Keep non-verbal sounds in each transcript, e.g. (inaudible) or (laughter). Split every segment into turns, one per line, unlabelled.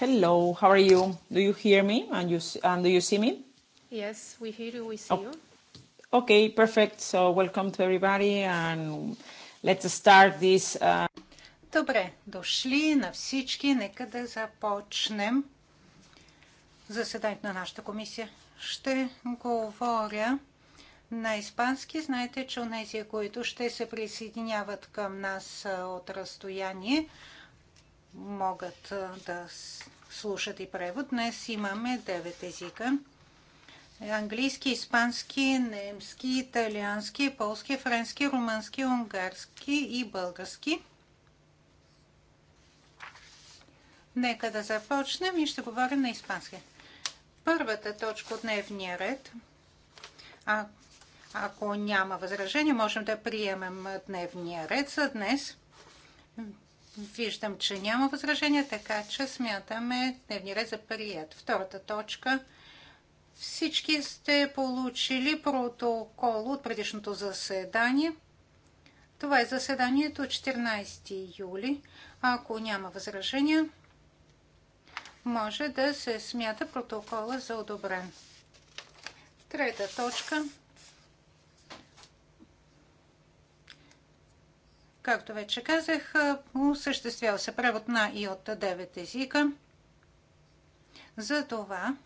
Hello, how are you? Do you hear me and you and do you see me?
Yes,
we hear you. We
see oh. you. Okay, perfect. So welcome to everybody and let's start this. Uh...
Добре, дошли на всички. Нека да започнем заседанието на нашата комисия. Ще говоря на испански. Знаете, че у нези, които ще се присъединяват към нас от разстояние, могат да слушат и превод. Днес имаме 9 езика. Английски, испански, немски, италиански, полски, френски, румънски, унгарски и български. Нека да започнем и ще говорим на испански. Първата точка от дневния ред. А, ако няма възражение, можем да приемем дневния ред за днес. Виждам, че няма възражения, така че смятаме дневния ред за прият. Втората точка. Всички сте получили протокол от предишното заседание. Това е заседанието 14 юли. Ако няма възражения, може да се смята протокола за одобрен. Трета точка Както вече казах, осъществява се превод на и от 9 езика. Затова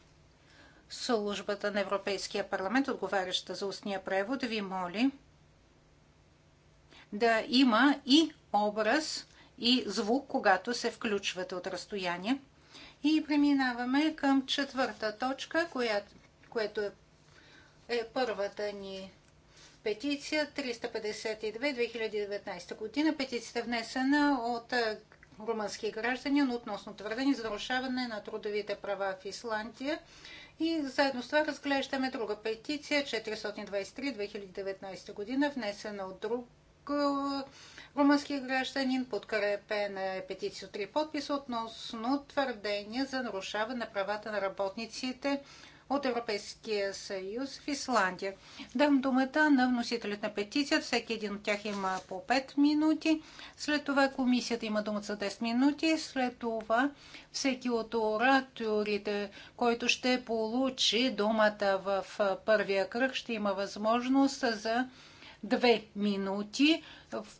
службата на Европейския парламент, отговаряща за устния превод, ви моли да има и образ, и звук, когато се включвате от разстояние. И преминаваме към четвърта точка, която, което е, е първата ни петиция 352-2019 година. Петицията е внесена от румънски но относно твърдени за нарушаване на трудовите права в Исландия. И заедно с това разглеждаме друга петиция 423-2019 година, внесена от друг румънски гражданин, подкрепена е петиция от три подписа относно твърдения за нарушаване на правата на работниците от Европейския съюз в Исландия. Дам думата на вносителят на петицията. Всеки един от тях има по 5 минути. След това комисията има думата за 10 минути. След това всеки от ораторите, който ще получи думата в първия кръг, ще има възможност за две минути.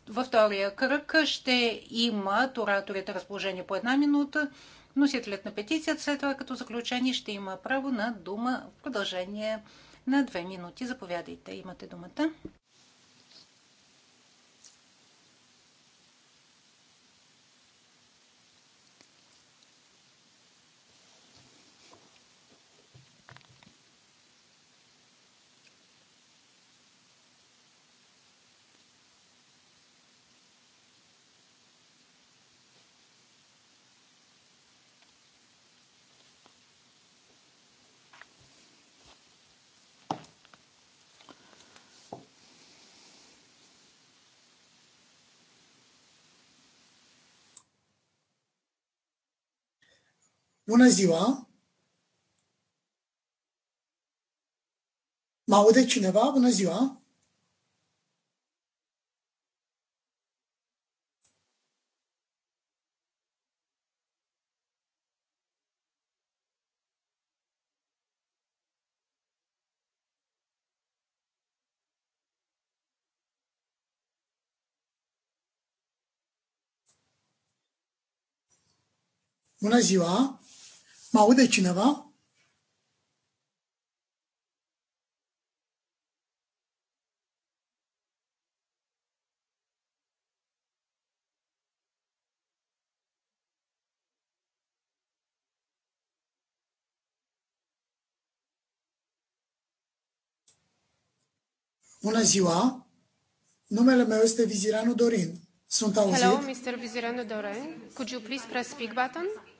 Във втория кръг ще имат ораторите разположение по една минута Носителят на петицията след това като заключение ще има право на дума в продължение на две минути. Заповядайте, имате думата.
Bună ziua! Mă aude cineva? Bună ziua! Bună ziua! Ma cineva? Bună ziua! Numele meu este Viziranu Dorin. Sunt auzit? Hello,
Mr. Viziranu Dorin. Could you please press speak button?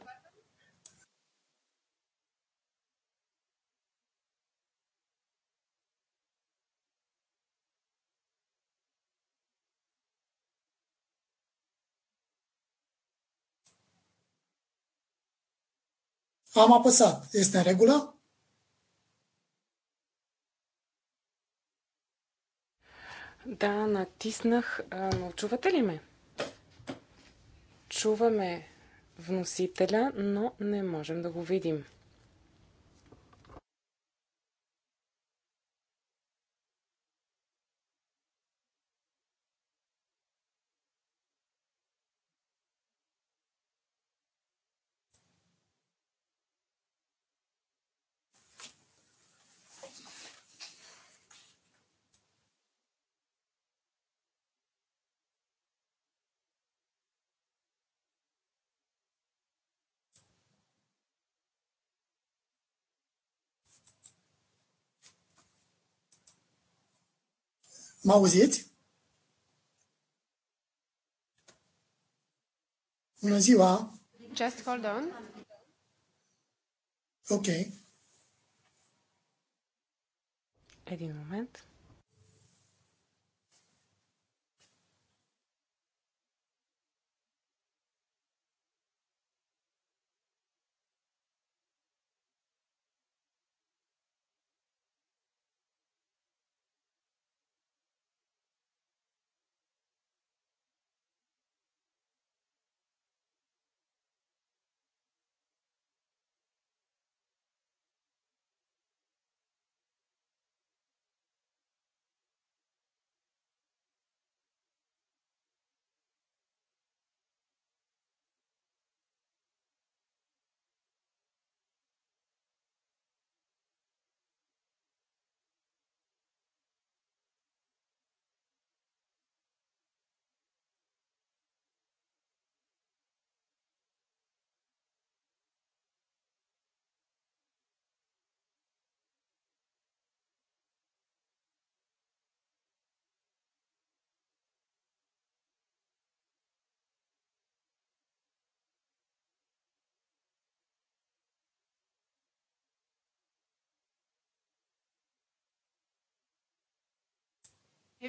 Am apăsat. Este în regulă? Да, натиснах. Но чувате ли ме? Чуваме вносителя, но не можем да го видим.
ما văziți? Bună ziua!
Just hold on.
Ok. Един moment.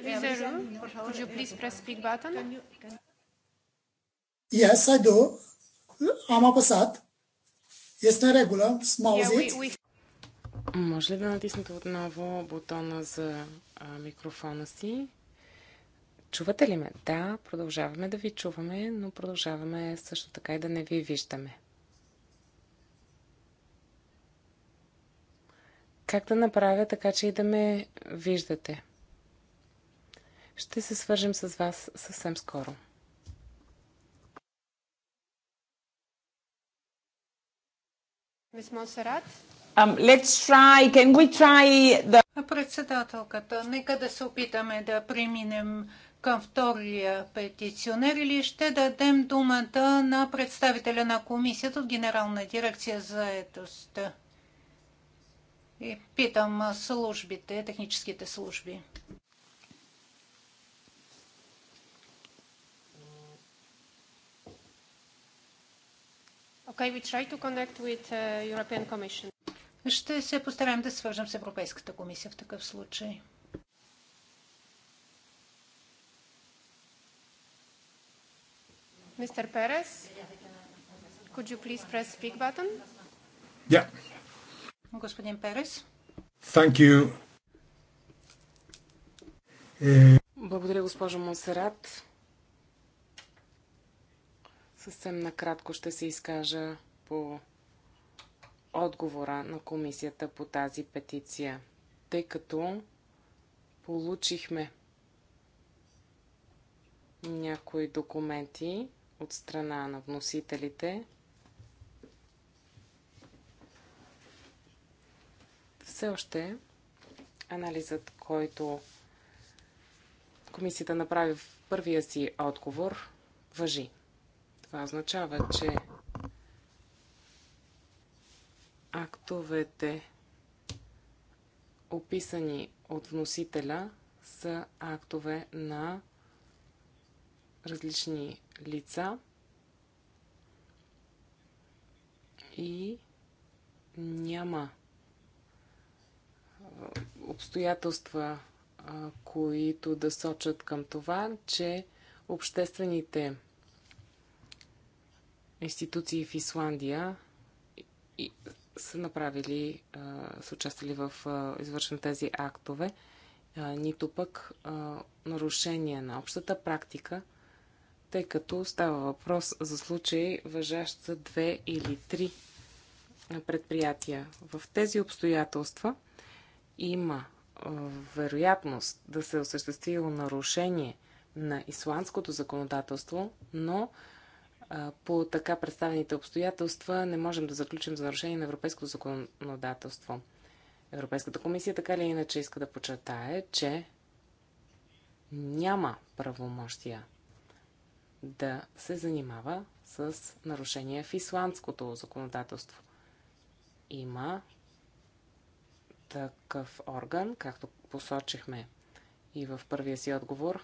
could you please press speak button?
Yes, I do. Am apăsat. Este în regulă. Mă auziți? Може ли да натиснете отново бутона за а, микрофона си? Чувате ли ме? Да, продължаваме да ви чуваме, но продължаваме също така и да не ви виждаме. Как да направя така, че и да ме виждате? Ще се свържем с вас съвсем скоро. Um, let's try, can we try the...
Председателката, нека да се опитаме да преминем към втория петиционер или ще дадем думата на представителя на комисията от Генерална дирекция за етост. И питам службите, техническите служби. Okay, we try to connect with uh, European Commission. Ще се постараем да свържем с Европейската комисия в такъв случай.
Mr. Perez, could you please press
speak button? Yeah. Господин Перес. Thank you. Благодаря, госпожо Монсерат. Съвсем накратко ще се изкажа по отговора на комисията по тази петиция, тъй като получихме някои документи от страна на вносителите. Все още анализът, който комисията направи в първия си отговор, въжи. Това означава, че актовете, описани от вносителя, са актове на различни лица и няма обстоятелства, които да сочат към това, че обществените институции в Исландия и са направили, са участвали в извършване тези актове, нито пък нарушение на общата практика, тъй като става въпрос за случаи, въжащ за две или три предприятия. В тези обстоятелства има вероятност да се осъществило нарушение на исландското законодателство, но по така представените обстоятелства не можем да заключим за нарушение на европейското законодателство. Европейската комисия така или иначе иска да почертае, че няма правомощия да се занимава с нарушения в исландското законодателство. Има такъв орган, както посочихме и в първия си отговор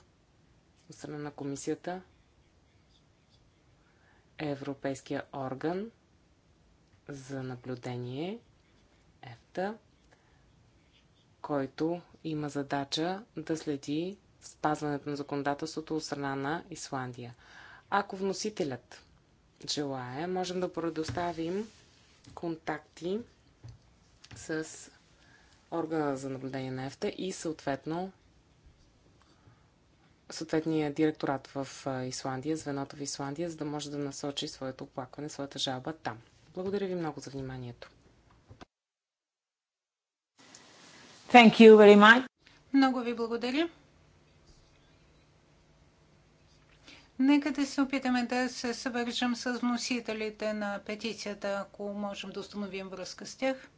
от страна на комисията – Европейския орган за наблюдение, ЕФТА, който има задача да следи спазването на законодателството от страна на Исландия. Ако вносителят желая, можем да предоставим контакти с органа за наблюдение на ЕФТА и съответно съответния директорат в Исландия, звеното в Исландия, за да може да насочи своето оплакване, своята жалба там. Благодаря ви много за вниманието. Thank you very much.
Много ви благодаря. Нека да се опитаме да се съвържем с носителите на петицията, ако можем да установим връзка с тях.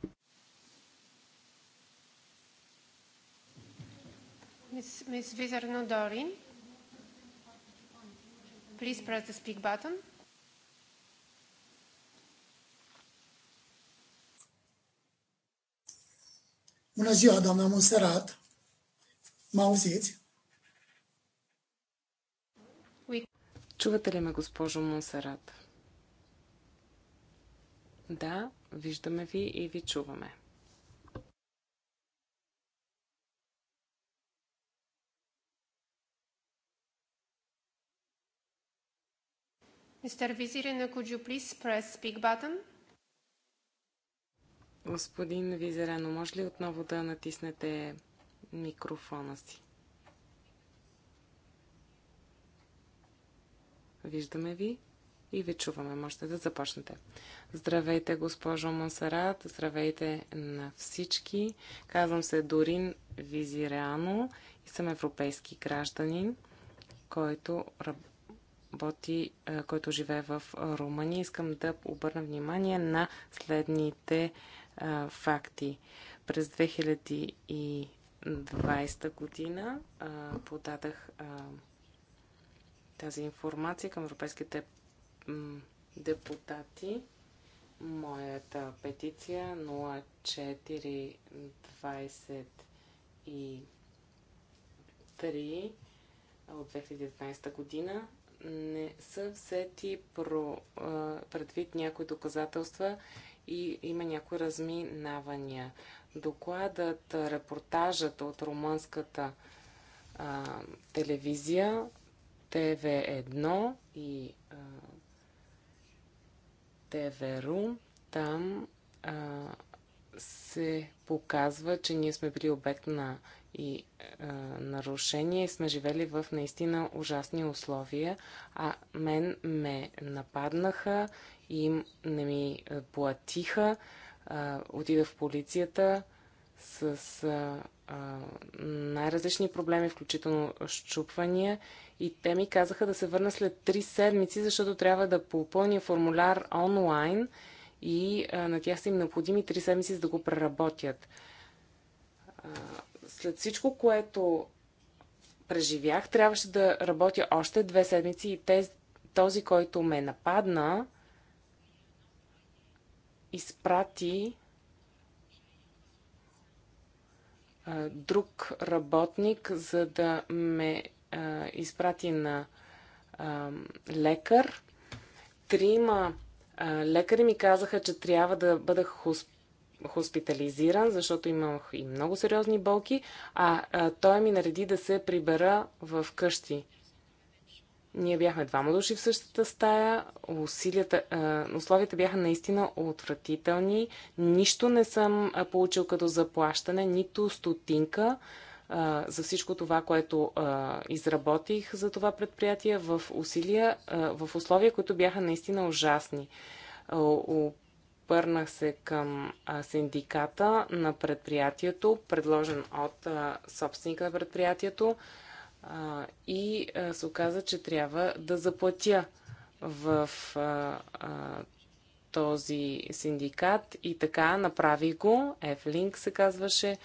Мис Визерно Дорин. Please press the speak button.
Bună ziua, doamna
Monserrat. Mă auziți? Чувате ли ме, госпожо Монсерат? Да, виждаме ви и ви чуваме.
Mr. could you please press speak button?
Господин Визерено, може ли отново да натиснете микрофона си? Виждаме ви и ви чуваме. Можете да започнете. Здравейте, госпожо Монсарат. Здравейте на всички. Казвам се Дорин Визирано и съм европейски гражданин, който работи, който живее в Румъния. Искам да обърна внимание на следните факти. През 2020 година подадах тази информация към европейските депутати. Моята петиция 0423 от 2019 година не са взети про, а, предвид някои доказателства и има някои разминавания. Докладът, репортажът от румънската а, телевизия ТВ1 и ТВРУ, там а, се показва, че ние сме били обект на и а, е, нарушение. Сме живели в наистина ужасни условия, а мен ме нападнаха и им не ми е, платиха. А, е, отида в полицията с а, а, най-различни проблеми, включително щупвания. И те ми казаха да се върна след 3 седмици, защото трябва да попълня формуляр онлайн и а, на тях са им необходими 3 седмици, за да го преработят след всичко, което преживях, трябваше да работя още две седмици и тез, този, който ме нападна, изпрати а, друг работник, за да ме а, изпрати на а, лекар. Трима лекари ми казаха, че трябва да бъда хосп хоспитализиран, защото имах и много сериозни болки, а, а той ми нареди да се прибера в къщи. Ние бяхме двама души в същата стая, усилията, а, условията бяха наистина отвратителни, нищо не съм получил като заплащане, нито стотинка а, за всичко това, което а, изработих за това предприятие в усилия, а, в условия, които бяха наистина ужасни Обърнах се към синдиката на предприятието, предложен от собственика на предприятието и се оказа, че трябва да заплатя в този синдикат и така направих го. F-Link се казваше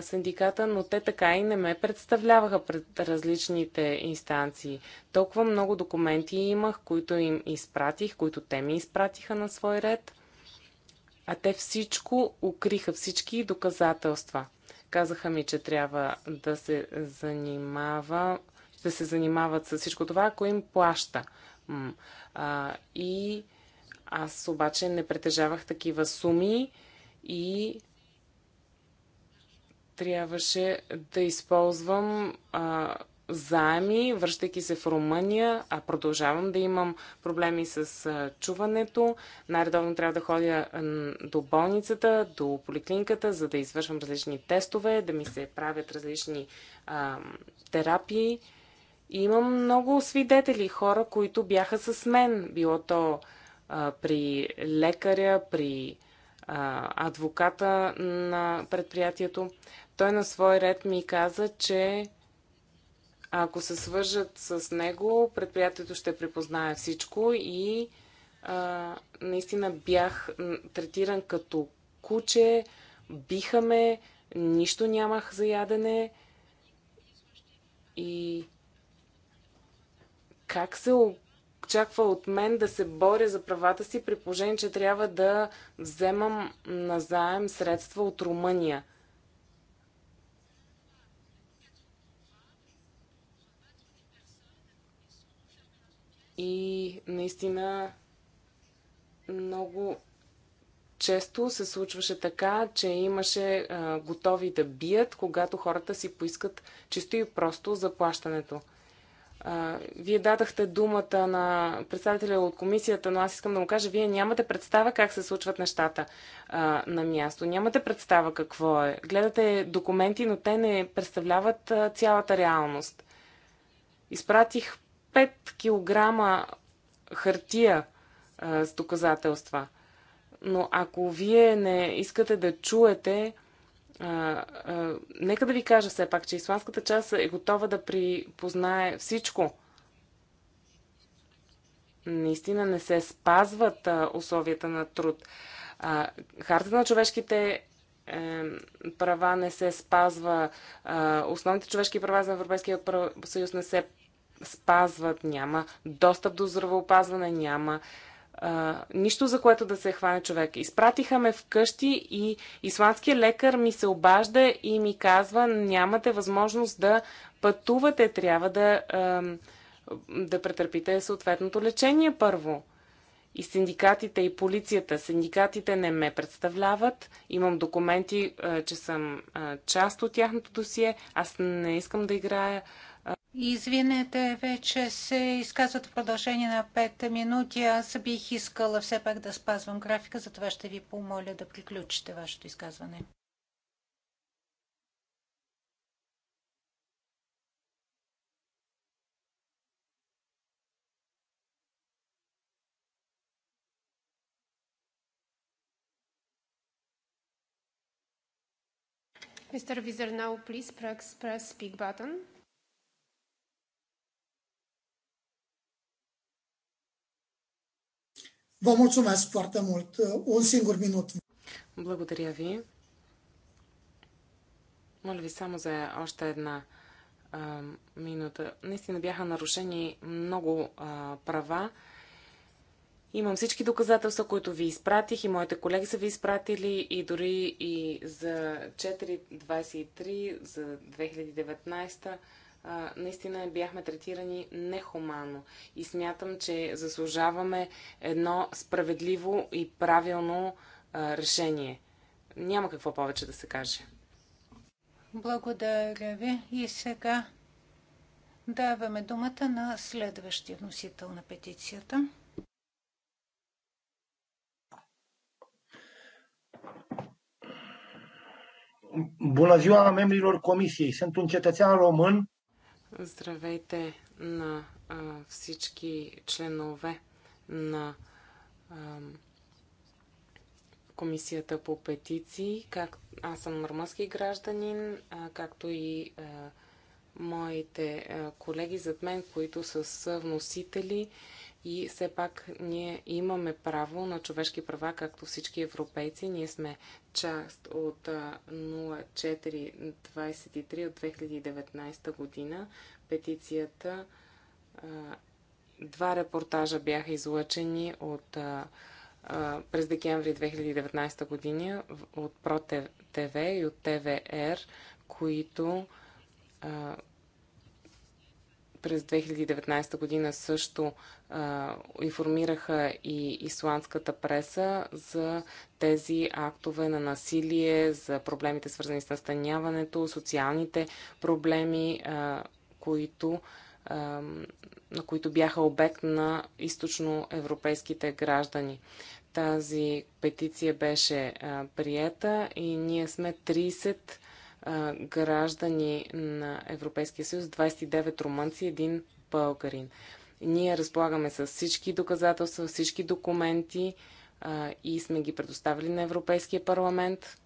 синдиката, но те така и не ме представляваха пред различните инстанции. Толкова много документи имах, които им изпратих, които те ми изпратиха на свой ред. А те всичко укриха, всички доказателства. Казаха ми, че трябва да се занимава, да се занимават с всичко това, ако им плаща. А, и аз обаче не притежавах такива суми и трябваше да използвам а, заеми, връщайки се в Румъния, а продължавам да имам проблеми с чуването. Най-редовно трябва да ходя до болницата, до поликлиниката, за да извършвам различни тестове, да ми се правят различни а, терапии. И имам много свидетели, хора, които бяха с мен, било то а, при лекаря, при а, адвоката на предприятието. Той на свой ред ми каза, че ако се свържат с него, предприятието ще припознае всичко и а, наистина бях третиран като куче, биха ме, нищо нямах за ядене и как се очаква от мен да се боря за правата си при положение, че трябва да вземам назаем средства от Румъния – И наистина много често се случваше така, че имаше а, готови да бият, когато хората си поискат чисто и просто заплащането. А, вие дадахте думата на представителя от комисията, но аз искам да му кажа, вие нямате представа как се случват нещата а, на място. Нямате представа какво е. Гледате документи, но те не представляват а, цялата реалност. Изпратих 5 кг хартия а, с доказателства. Но ако вие не искате да чуете, а, а, нека да ви кажа все пак, че исландската част е готова да припознае всичко. Наистина не се спазват а, условията на труд. А, хартата на човешките е, права не се спазва, основните човешки права за Европейския съюз не се спазват, няма достъп до здравеопазване, няма а, нищо за което да се хване човек. Изпратиха ме вкъщи и исландския лекар ми се обажда и ми казва, нямате възможност да пътувате, трябва да, а, да претърпите съответното лечение първо. И синдикатите, и полицията. Синдикатите не ме представляват. Имам документи, че съм част от тяхното досие. Аз не искам да играя Извинете, вече
се изказват в продължение на 5 минути. Аз бих искала все пак да спазвам графика, затова ще ви помоля да приключите вашето изказване.
Mr. Vizer, please press, press speak button.
Vă mulțumesc foarte mult. Un singur minut. Благодаря ви. Моля ви само за още една а, минута. Наистина бяха нарушени много а, права. Имам всички доказателства, които ви изпратих и моите колеги са ви изпратили и дори и за 4.23 за 2019 а, наистина бяхме третирани нехуманно. И смятам, че заслужаваме едно справедливо и правилно а, решение. Няма какво повече да се каже.
Благодаря ви. И сега даваме думата на следващия вносител на петицията.
Bună ziua membrilor comisiei. Sunt un cetățean român
Здравейте на а, всички членове на а, Комисията по петиции. Как, аз съм румънски гражданин, а, както и а, моите а, колеги зад мен, които са вносители и все пак ние имаме право на човешки права, както всички европейци. Ние сме част от 0423 от 2019 година. Петицията. Два репортажа бяха излъчени от през декември 2019 година от ProTV и от ТВР, които през 2019 година също а, информираха и исландската преса за тези актове на насилие, за проблемите свързани с настаняването, социалните проблеми, а, които, а, на които бяха обект на източноевропейските граждани тази петиция беше а, приета и ние сме 30 граждани на Европейския съюз, 29 румънци, един българин. Ние разполагаме с всички доказателства, всички документи а, и сме ги предоставили на Европейския парламент,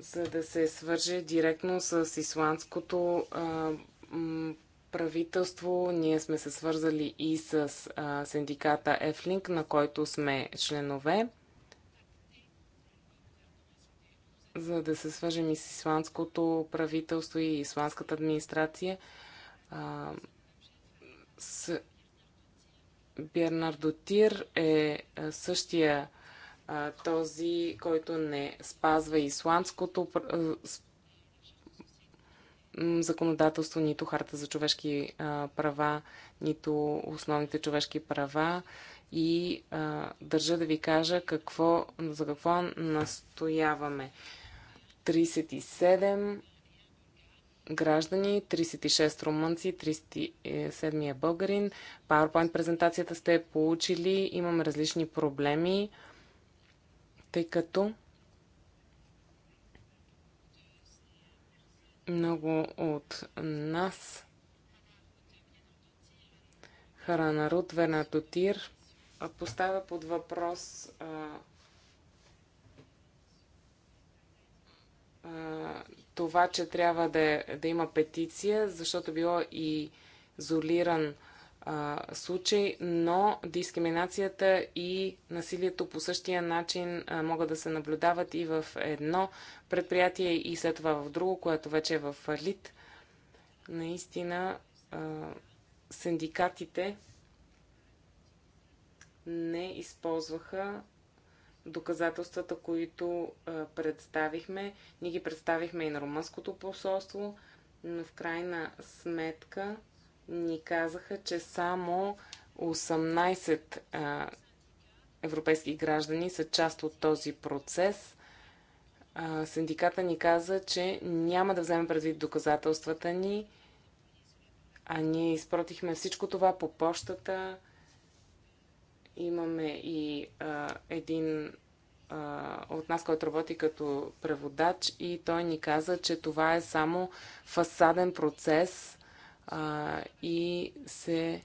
за да се свърже директно с исландското а, правителство. Ние сме се свързали и с а, синдиката Ефлинг, на който сме членове. за да се свържем и с исландското правителство и исландската администрация. А, с Бернардо Тир е същия а, този, който не спазва исландското законодателство, нито харта за човешки а, права, нито основните човешки права. И а, държа да ви кажа какво, за какво настояваме. 37 граждани, 36 румънци, 37 е българин. PowerPoint презентацията сте получили. Имаме различни проблеми, тъй като много от нас Харанарут Венатотир поставя под въпрос а, това, че трябва да, да има петиция, защото било и изолиран а, случай, но дискриминацията и насилието по същия начин а, могат да се наблюдават и в едно предприятие и след това в друго, което вече е в лид. Наистина а, синдикатите не използваха доказателствата, които представихме. Ние ги представихме и на румънското посолство, но в крайна сметка ни казаха, че само 18 европейски граждани са част от този процес. Синдиката ни каза, че няма да вземе предвид доказателствата ни, а ние изпротихме всичко това по почтата, Имаме и а, един а, от нас, който работи като преводач и той ни каза, че това е само фасаден процес а, и се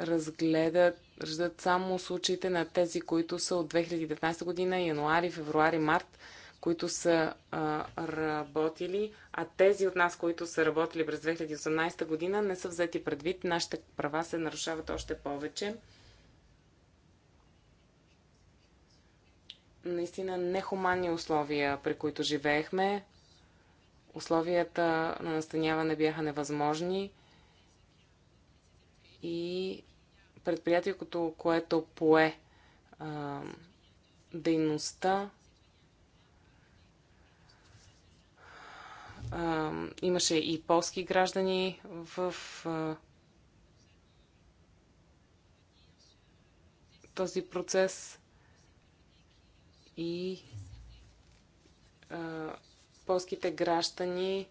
разгледат ръждат само случаите на тези, които са от 2019 година, януари, февруари, март, които са а, работили, а тези от нас, които са работили през 2018 година, не са взети предвид. Нашите права се нарушават още повече. наистина нехуманни условия, при които живеехме. Условията на настаняване бяха невъзможни и предприятието, което пое а, дейността, а, имаше и полски граждани в а, този процес и а, полските граждани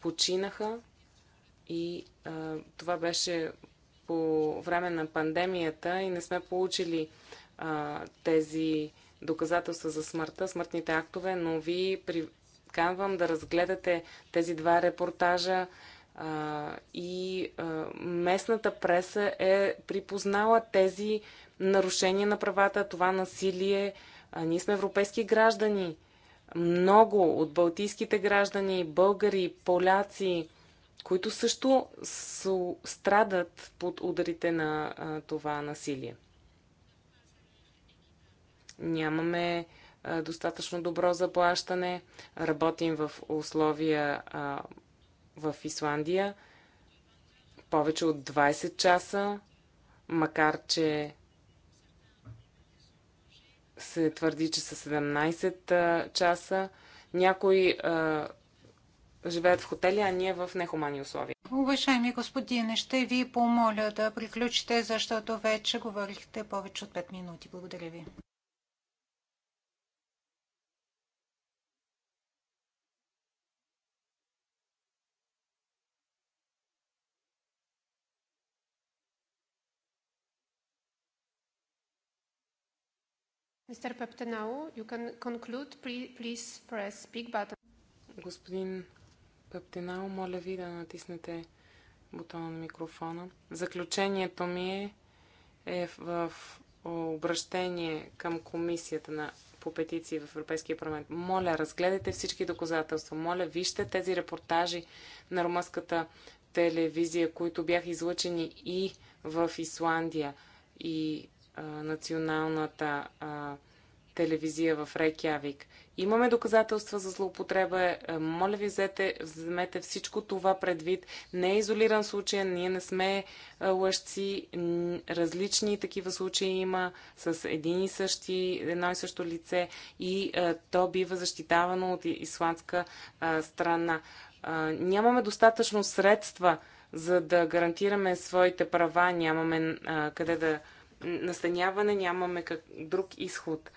починаха и а, това беше по време на пандемията и не сме получили а, тези доказателства за смъртта, смъртните актове, но ви приканвам да разгледате тези два репортажа а, и а, местната преса е припознала тези нарушения на правата, това насилие, а, ние сме европейски граждани. Много от балтийските граждани, българи, поляци, които също страдат под ударите на а, това насилие. Нямаме а, достатъчно добро заплащане, работим в условия а, в Исландия повече от 20 часа, макар че се твърди, че са 17 часа. Някои а, живеят в хотели, а ние в нехумани условия.
Уважаеми господине, ще ви помоля да приключите, защото вече говорихте повече от 5 минути. Благодаря ви.
Mr. Peptenau, you can conclude. Please
press speak button. Господин Пептенау, моля ви да натиснете бутона на микрофона. Заключението ми е, е в обращение към комисията на по петиции в Европейския парламент. Моля, разгледайте всички доказателства. Моля, вижте тези репортажи на румънската телевизия, които бяха излъчени и в Исландия. И а, националната а, телевизия в Рейкявик. Имаме доказателства за злоупотреба. Е, моля ви, взете, вземете всичко това предвид. Не е изолиран случай, ние не сме лъжци. Различни такива случаи има с един и същи, едно и също лице и а, то бива защитавано от исландска а, страна. А, нямаме достатъчно средства, за да гарантираме своите права. Нямаме къде да настаняване, нямаме как, друг изход.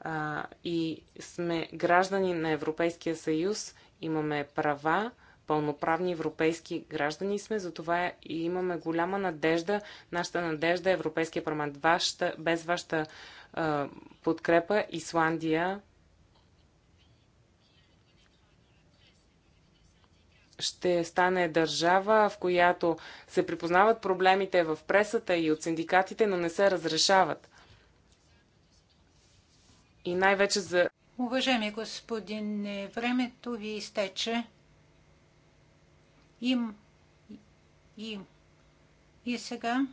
А, и сме граждани на Европейския съюз, имаме права, пълноправни европейски граждани сме, затова и имаме голяма надежда, нашата надежда е Европейския парламент. Вашата, без вашата а, подкрепа Исландия ще стане държава, в която се припознават проблемите в пресата и от синдикатите, но не се разрешават. И най-вече за.
Уважаеми господин, времето ви изтече. Им. Им. И сега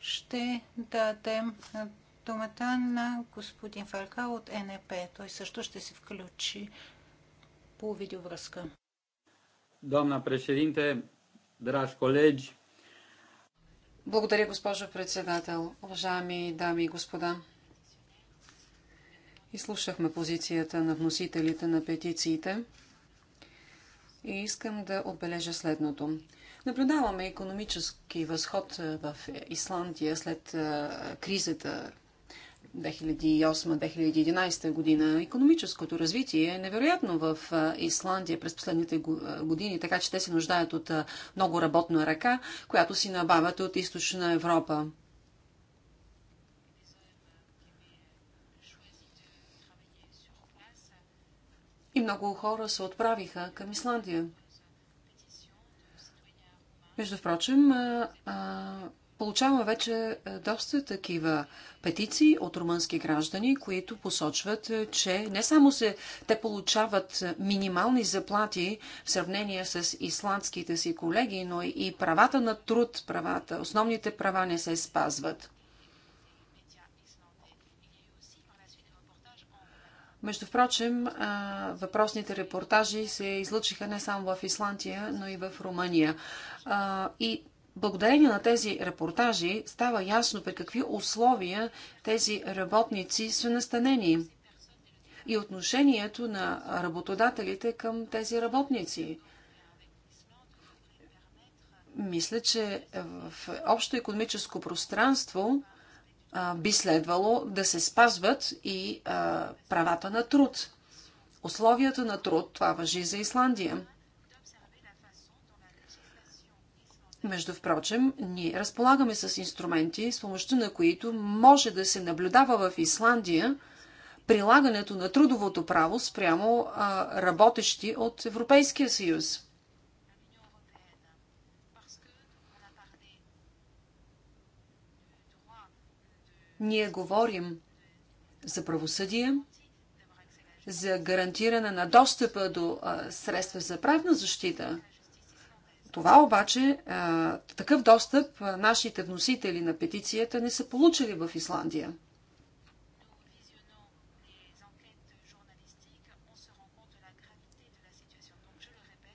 ще дадем думата на господин Фалка от НП. Той също ще се включи по видеовръзка.
Doamna președинте, драж колеги. благодаря, госпожо председател. Уважаеми дами и господа, изслушахме позицията на вносителите на петициите и искам да отбележа следното. Наблюдаваме економически възход в Исландия след кризата, 2008-2011 година. Економическото развитие е невероятно в Исландия през последните години, така че те се нуждаят от много работна ръка, която си набавят от източна Европа. И много хора се отправиха към Исландия. Между впрочем, Получаваме вече е, доста такива петиции от румънски граждани, които посочват, е, че не само се, те получават е, минимални заплати в сравнение с исландските си колеги, но и правата на труд, правата, основните права не се спазват. Между прочим, въпросните репортажи се излъчиха не само в Исландия, но и в Румъния. И благодарение на тези репортажи става ясно при какви условия тези работници са настанени и отношението на работодателите към тези работници. Мисля, че в общо економическо пространство а, би следвало да се спазват и а, правата на труд. Условията на труд, това въжи за Исландия. Между впрочем, ние разполагаме с инструменти, с помощта на които може да се наблюдава в Исландия прилагането на трудовото право спрямо а, работещи от Европейския съюз. Ние говорим за правосъдие, за гарантиране на достъпа до а, средства за правна защита – това обаче, такъв достъп нашите вносители на петицията не са получили в Исландия.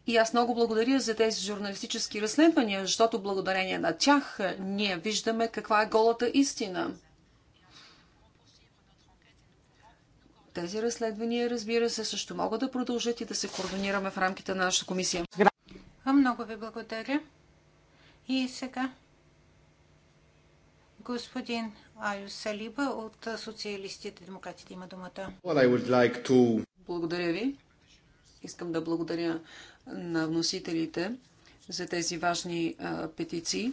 И аз много благодаря за тези журналистически разследвания, защото благодарение на тях ние виждаме каква е голата истина. Тези разследвания, разбира се, също могат да продължат и да се координираме в рамките на нашата комисия.
Много ви благодаря. И сега господин Айо Салиба от Социалистите и демократите има думата.
Благодаря ви. Искам да благодаря на вносителите за тези важни а, петиции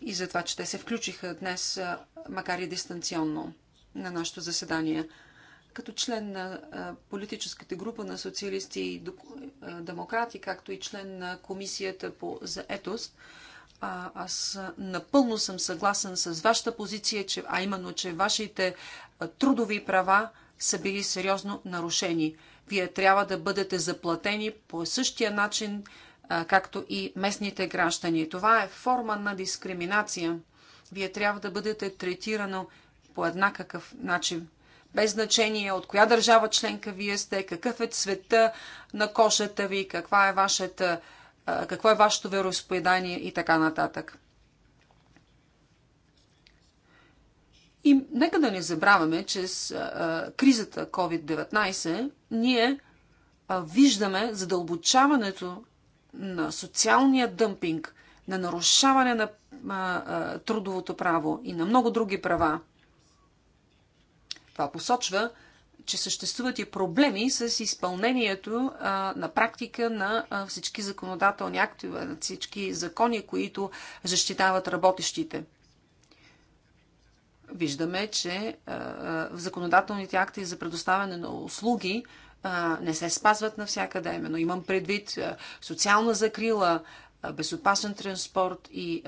и за това, че те се включиха днес, а, макар и дистанционно, на нашето заседание. Като член на политическата група на социалисти и демократи, както и член на комисията по заетост, а, аз напълно съм съгласен с вашата позиция, че, а именно, че вашите трудови права са били сериозно нарушени. Вие трябва да бъдете заплатени по същия начин, а, както и местните граждани. Това е форма на дискриминация. Вие трябва да бъдете третирано по еднакъв начин без значение от коя държава членка вие сте, какъв е цвета на кожата ви, каква е вашата, какво е вашето вероисповедание и така нататък. И нека да не забравяме, че с кризата COVID-19 ние виждаме задълбочаването на социалния дъмпинг, на нарушаване на трудовото право и на много други права. Това посочва, че съществуват и проблеми с изпълнението а, на практика на а, всички законодателни актове, на всички закони, които защитават работещите. Виждаме, че а, в законодателните акти за предоставяне на услуги не се спазват навсякъде. Именно имам предвид социална закрила, безопасен транспорт и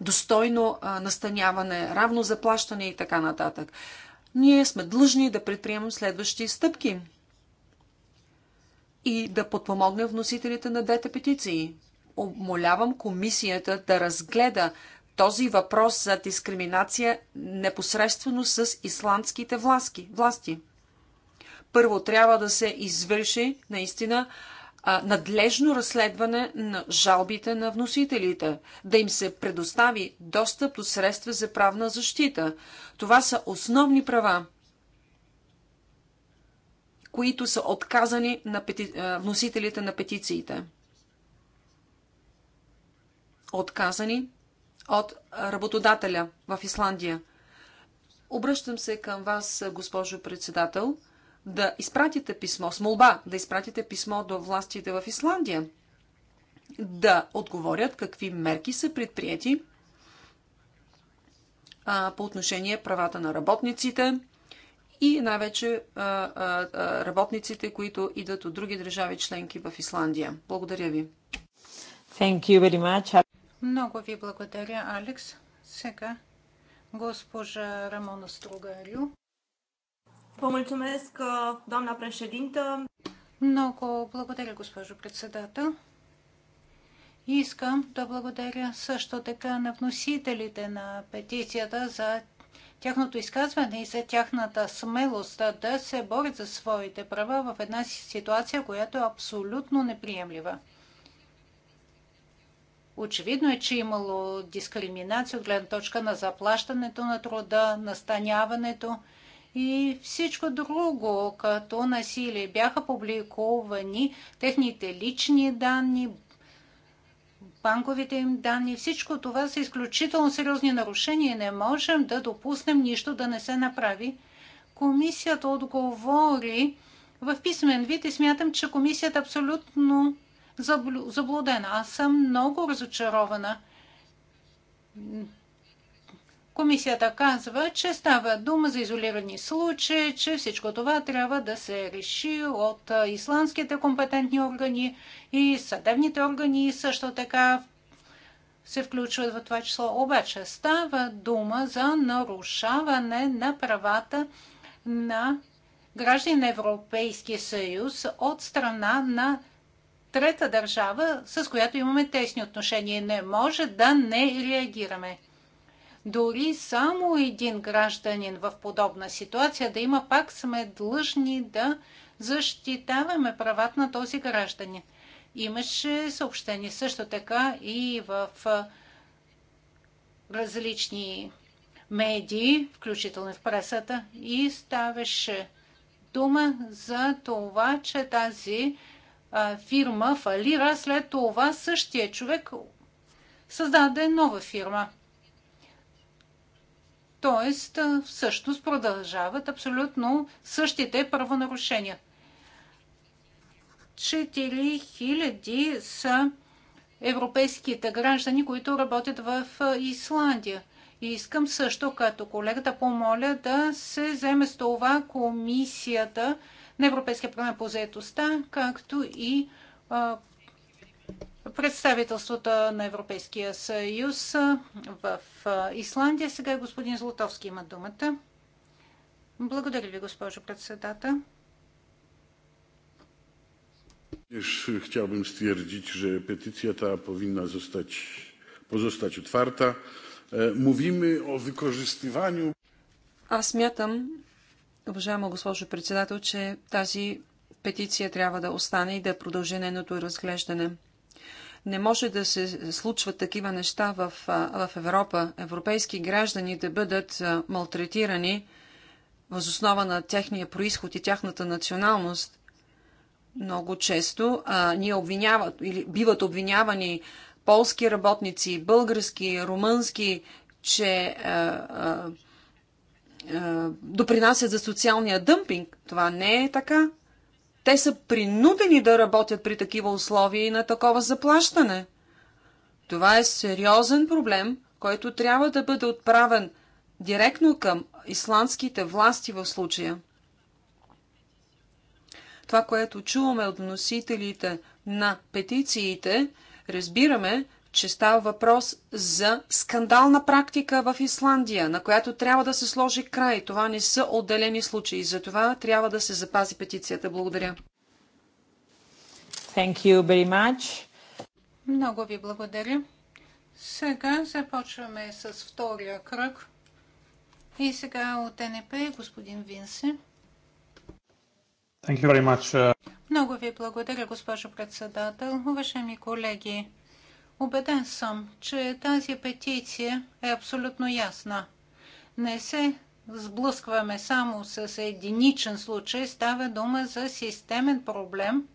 достойно настаняване, равно заплащане и така нататък. Ние сме длъжни да предприемем следващи стъпки и да подпомогнем вносителите на двете петиции. Умолявам комисията да разгледа този въпрос за дискриминация непосредствено с исландските власти. Първо трябва да се извърши наистина надлежно разследване на жалбите на вносителите, да им се предостави достъп до средства за правна защита. Това са основни права, които са отказани на пети... вносителите на петициите. Отказани от работодателя в Исландия. Обръщам се към вас, госпожо председател – да изпратите писмо, с молба да изпратите писмо до властите в Исландия, да отговорят какви мерки са предприяти по отношение правата на работниците и най-вече работниците, които идат от други държави членки в Исландия. Благодаря ви. Thank you very much. Много ви
благодаря, Алекс. Сега госпожа Рамона Стругарю. Vă mulțumesc, uh, doamna președintă. Много благодаря, госпожо председател. Искам да благодаря също така на вносителите на петицията за тяхното изказване и за тяхната смелост да се борят за своите права в една ситуация, която е абсолютно неприемлива. Очевидно е, че имало дискриминация от гледна точка на заплащането на труда, настаняването, и всичко друго, като насилие. Бяха публикувани техните лични данни, банковите им данни. Всичко това са изключително сериозни нарушения и не можем да допуснем нищо да не се направи. Комисията отговори в писмен вид и смятам, че комисията е абсолютно заблудена. Аз съм много разочарована. Комисията казва, че става дума за изолирани случаи, че всичко това трябва да се реши от исландските компетентни органи и съдебните органи също така се включват в това число. Обаче става дума за нарушаване на правата на граждани на Европейския съюз от страна на трета държава, с която имаме тесни отношения. Не може да не реагираме дори само един гражданин в подобна ситуация да има, пак сме длъжни да защитаваме правата на този гражданин. Имаше съобщение също така и в различни медии, включително в пресата, и ставаше дума за това, че тази а, фирма фалира. След това същия човек създаде нова фирма. Тоест, всъщност продължават абсолютно същите правонарушения. 4000 са европейските граждани, които работят в Исландия. И искам също като колегата помоля да се вземе с това комисията на Европейския парламент по заедостта, както и представителството на Европейския съюз в Исландия. Сега господин Златовски има думата. Благодаря ви, госпожо председател. Chciałbym stwierdzić, że petycja ta powinna zostać, pozostać otwarta. Mówimy o
Аз смятам, уважаема госпожо председател, че тази петиция трябва да остане и да продължи нейното разглеждане. Не може да се случват такива неща в, в Европа. Европейски граждани да бъдат малтретирани възоснова на техния происход и тяхната националност. Много често а, ние обвиняват или биват обвинявани полски работници, български, румънски, че а, а, допринасят за социалния дъмпинг. Това не е така. Те са принудени да работят при такива условия и на такова заплащане. Това е сериозен проблем, който трябва да бъде отправен директно към исландските власти в случая. Това, което чуваме от носителите на петициите, разбираме, че става въпрос за скандална практика в Исландия, на която трябва да се сложи край. Това не са отделени случаи. За това трябва да се запази петицията. Благодаря.
Thank you very much.
Много ви благодаря. Сега започваме с втория кръг. И сега от НП господин Винси.
Thank you very much. Uh,
Много ви благодаря, госпожо председател. Уважаеми колеги, Обеден съм, че тази петиция е абсолютно ясна. Не се сблъскваме само с единичен случай, става дума за системен проблем,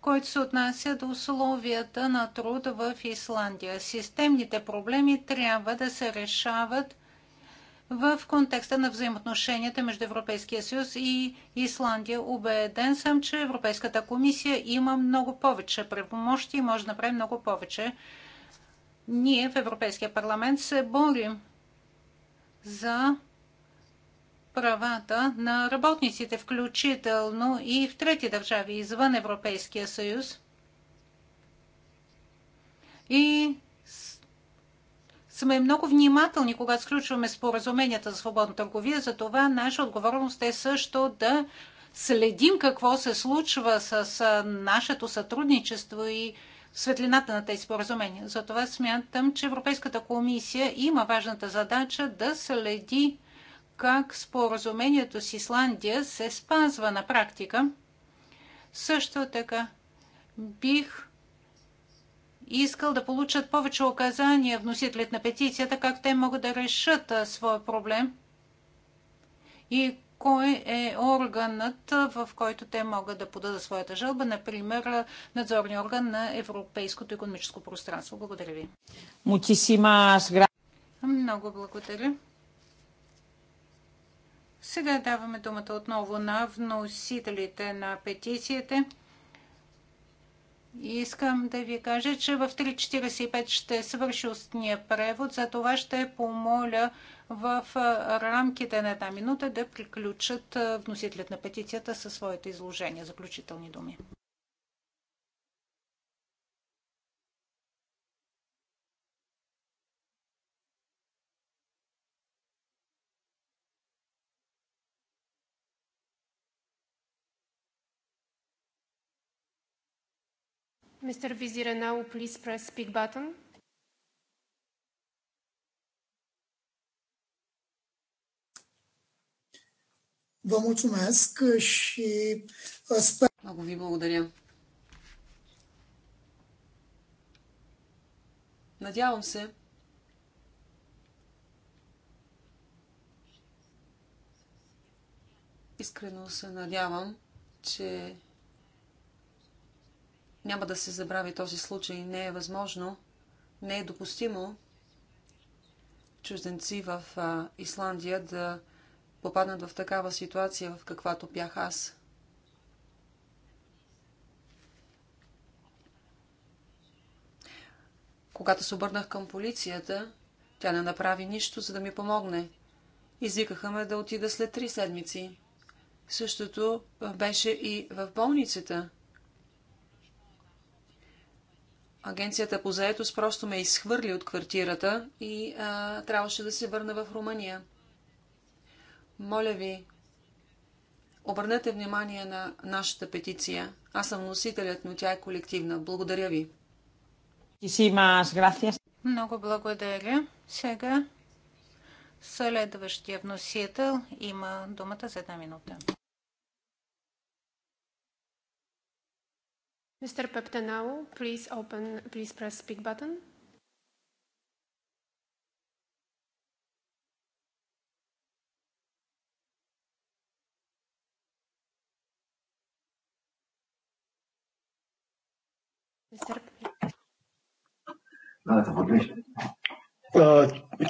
който се отнася до условията на труд в Исландия. Системните проблеми трябва да се решават в контекста на взаимоотношенията между Европейския съюз и Исландия. Убеден съм, че Европейската комисия има много повече правомощи и може да направи много повече. Ние в Европейския парламент се борим за правата на работниците, включително и в трети държави извън Европейския съюз. И сме много внимателни, когато сключваме споразуменията за свободна търговия, за това наша отговорност е също да следим какво се случва с нашето сътрудничество и светлината на тези споразумения. Затова смятам, че Европейската комисия има важната задача да следи как споразумението с Исландия се спазва на практика. Също така бих искал да получат повече указания вносителят на петицията, как те могат да решат своя проблем и кой е органът, в който те могат да подадат своята жалба, например надзорния орган на Европейското економическо пространство. Благодаря ви. Много благодаря. Сега даваме думата отново на вносителите на петициите. Искам да ви кажа, че в 3.45 ще свърши устния превод, за това ще помоля в рамките на една минута да приключат вносителят на петицията със своите изложения, заключителни думи.
Mr. Vizire, now please press speak button.
Vă mulțumesc și sper... Много ви благодаря. Надявам се, искрено се надявам, че няма да се забрави този случай. Не е възможно, не е допустимо чужденци в Исландия да попаднат в такава ситуация, в каквато бях аз. Когато се обърнах към полицията, тя не направи нищо, за да ми помогне. Извикаха ме да отида след три седмици. Същото беше и в болницата – агенцията по заетост просто ме изхвърли от квартирата и а, трябваше да се върна в Румъния. Моля ви, обърнете внимание на нашата петиция. Аз съм носителят, но тя е колективна. Благодаря ви. Много
благодаря. Сега следващия вносител има думата за една минута.
Mr. Peptenau, please open, please press speak button.
Mr.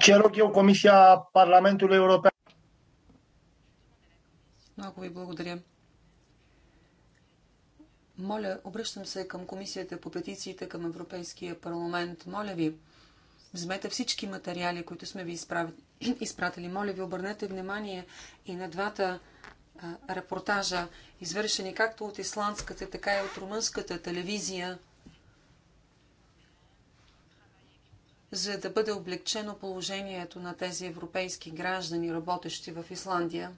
Ce rog eu Comisia Parlamentului European? Много ви благодаря. Моля, обръщам се към Комисията по петициите към Европейския парламент. Моля ви, вземете всички материали, които сме ви (clears throat) изпратили. Моля ви, обърнете внимание и на двата репортажа, извършени както от исландската, така и от румънската телевизия, за да бъде облегчено положението на тези европейски граждани, работещи в Исландия.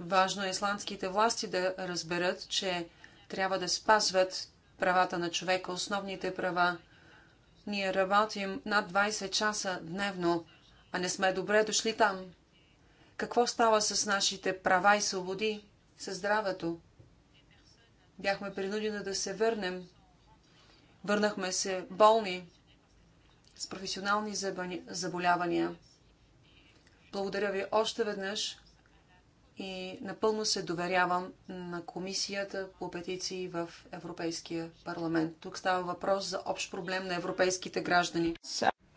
Важно е исландските власти да разберат, че трябва да спазват правата на човека, основните права. Ние работим над 20 часа дневно, а не сме добре дошли там. Какво става с нашите права и свободи, с здравето? Бяхме принудени да се върнем. Върнахме се болни, с професионални заболявания. Благодаря ви още веднъж и напълно се доверявам на комисията по петиции в Европейския парламент. Тук става въпрос за общ проблем на европейските граждани.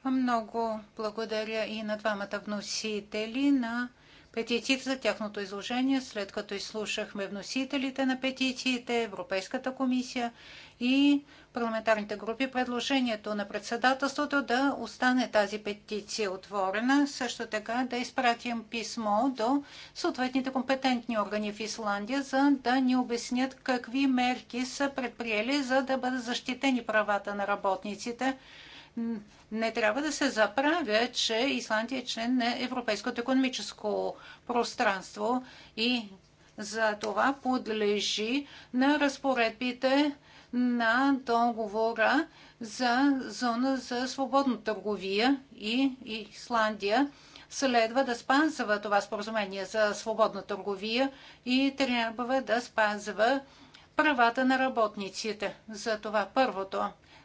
Много благодаря и на двамата вносители на петициите за тяхното изложение, след като изслушахме вносителите на петициите, Европейската комисия и парламентарните групи. Предложението на председателството да остане тази петиция отворена, също така да изпратим писмо до съответните компетентни органи в Исландия, за да ни обяснят какви мерки са предприели, за да бъдат защитени правата на работниците не трябва да се заправя, че Исландия е член на Европейското економическо пространство и за това подлежи на разпоредбите на договора за зона за свободна търговия и Исландия следва да спазва това споразумение за свободна търговия и трябва да спазва правата на работниците. За това първото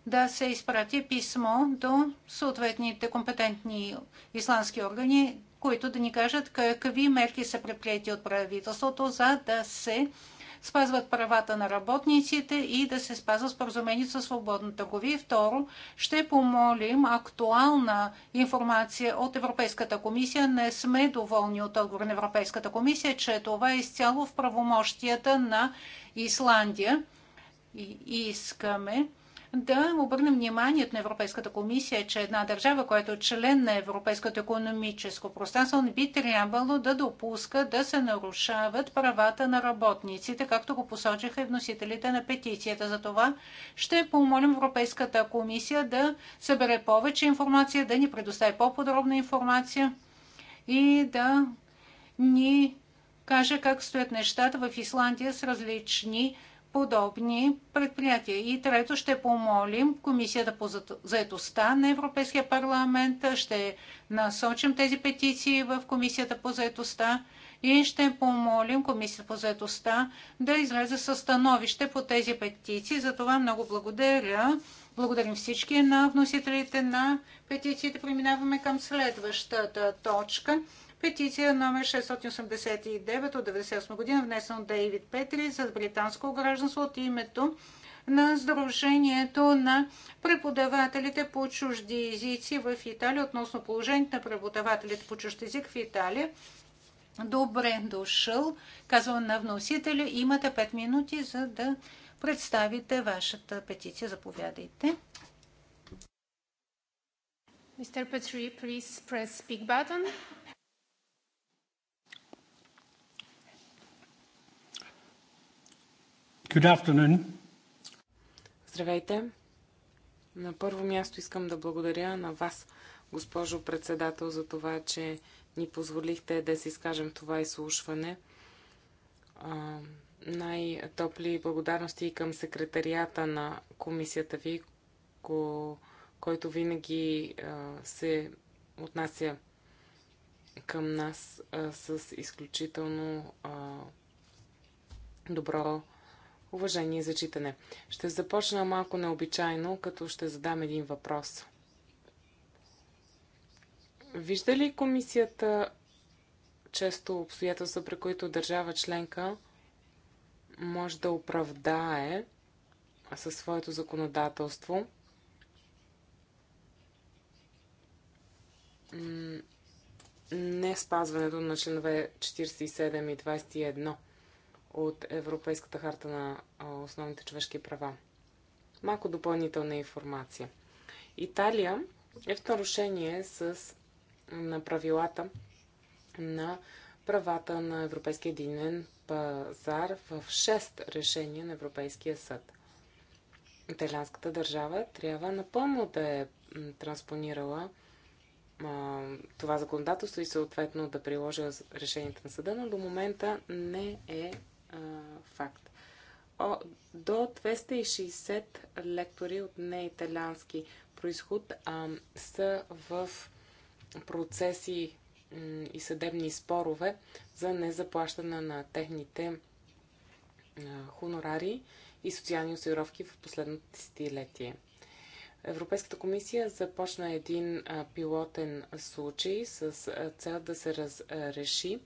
да се изпрати писмо до съответните компетентни исландски органи, които да ни кажат какви мерки са предприяти от правителството, за да се спазват правата на работниците и да се спазва споразумението за свободна търговия. Второ, ще помолим актуална информация от Европейската комисия. Не сме доволни от отговор на Европейската комисия, че това е изцяло в правомощията на Исландия. И искаме да обърнем вниманието на Европейската комисия, че една държава, която е член на Европейското економическо пространство, не би трябвало да допуска да се нарушават правата на работниците, както го посочиха и вносителите на петицията. За това ще помолим Европейската комисия да събере повече информация, да ни предостави по-подробна информация и да ни каже как стоят нещата в Исландия с различни подобни предприятия. И трето, ще помолим Комисията по заедостта на Европейския парламент, ще насочим тези петиции в Комисията по заедостта и ще помолим Комисията по заедостта да излезе със становище по тези петиции. За това много благодаря. Благодарим всички на вносителите на петициите. Преминаваме към следващата точка – Петиция номер 689 от 1998 година, внесена от Дейвид Петри с британско гражданство от името на Сдружението на преподавателите по чужди езици в Италия относно положението на преподавателите по чужди език в Италия. Добре дошъл, казвам на вносителя. Имате 5 минути, за да представите вашата петиция. Заповядайте.
Mr. Petri, please press speak button. Good afternoon.
Здравейте. На първо място искам да благодаря на вас, госпожо председател, за това, че ни позволихте да си изкажем това изслушване. най-топли благодарности и към секретарията на комисията ви, ко... който винаги се отнася към нас с изключително добро уважение за читане, Ще започна малко необичайно, като ще задам един въпрос. Вижда ли комисията често обстоятелства, при които държава членка може да оправдае със своето законодателство не спазването на членове 47 и 21? от Европейската харта на основните човешки права. Малко допълнителна информация. Италия е в нарушение с, на правилата на правата на Европейския единен пазар в 6 решения на Европейския съд. Италианската държава трябва напълно да е транспонирала а, това законодателство и съответно да приложи решението на съда, но до момента не е а, факт. О, до 260 лектори от неиталянски происход а, са в процеси и съдебни спорове за незаплащане на техните хонорари и социални осигуровки в последното десетилетие. Европейската комисия започна един пилотен случай с цел да се разреши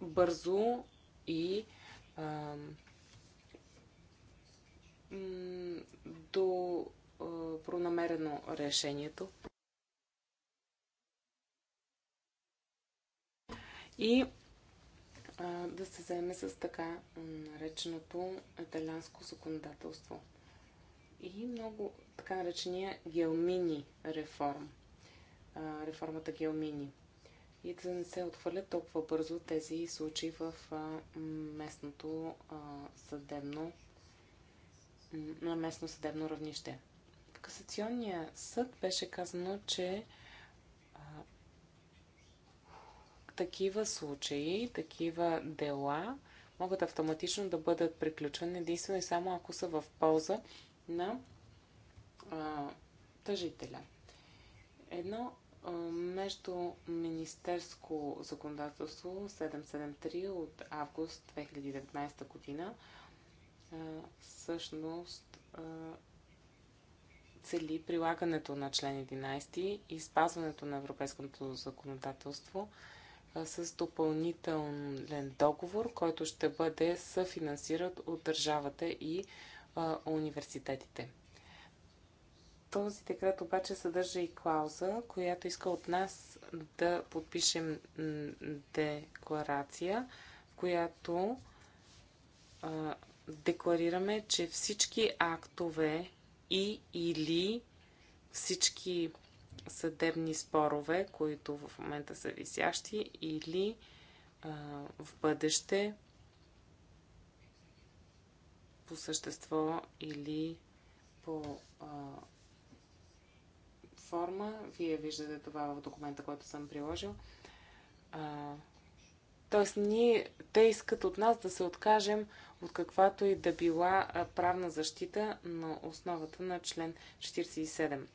бързо и а, до а, пронамерено решението. И а, да се заеме с така нареченото италианско законодателство. И много така наречения Гелмини реформ. А, реформата Гелмини – и да не се отхвърлят толкова бързо тези случаи в местното съдебно на местно съдебно равнище. В касационния съд беше казано, че а, такива случаи, такива дела могат автоматично да бъдат приключвани единствено и само ако са в полза на а, тъжителя. Едно е, между Министерско законодателство 773 от август 2019 година е, всъщност е, цели прилагането на член 11 и спазването на европейското законодателство с допълнителен договор, който ще бъде съфинансират от държавата и университетите. Този декрет обаче съдържа и клауза, която иска от нас да подпишем декларация, в която а, декларираме, че всички актове и или всички съдебни спорове, които в момента са висящи или а, в бъдеще по същество или по а, форма. Вие виждате това в документа, който съм приложил. А, тоест, ние, те искат от нас да се откажем от каквато и да била правна защита на основата на член 47,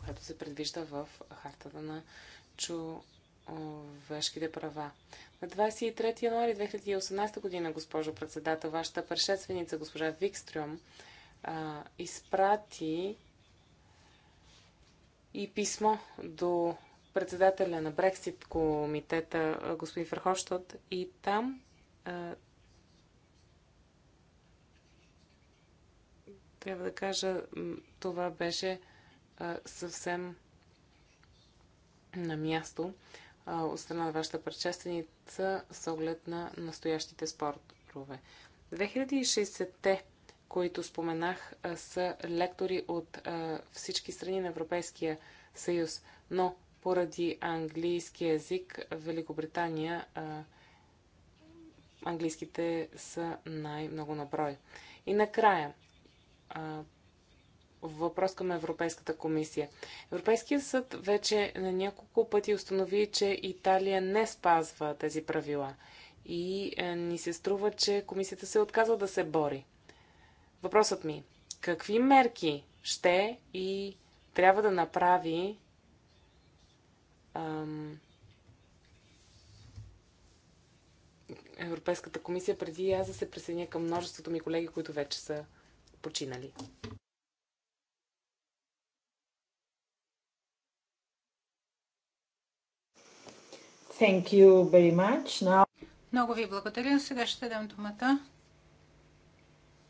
която се предвижда в хартата на човешките права. На 23 януари 2018 година, госпожо председател, вашата предшественица, госпожа Викстрюм, изпрати и писмо до председателя на Брексит комитета господин Ферхоштот и там трябва да кажа, това беше съвсем на място от страна на вашата предшественица с оглед на настоящите спортове. 2060-те които споменах, са лектори от всички страни на Европейския съюз. Но поради английски язик Великобритания английските са най-много на брой. И накрая, въпрос към Европейската комисия. Европейският съд вече на няколко пъти установи, че Италия не спазва тези правила. И е, ни се струва, че комисията се е отказва да се бори. Въпросът ми. Е, какви мерки ще и трябва да направи ам, Европейската комисия преди аз да се присъединя към множеството ми колеги, които вече са починали?
Thank you very much. Now... Много ви благодаря. Сега ще дам думата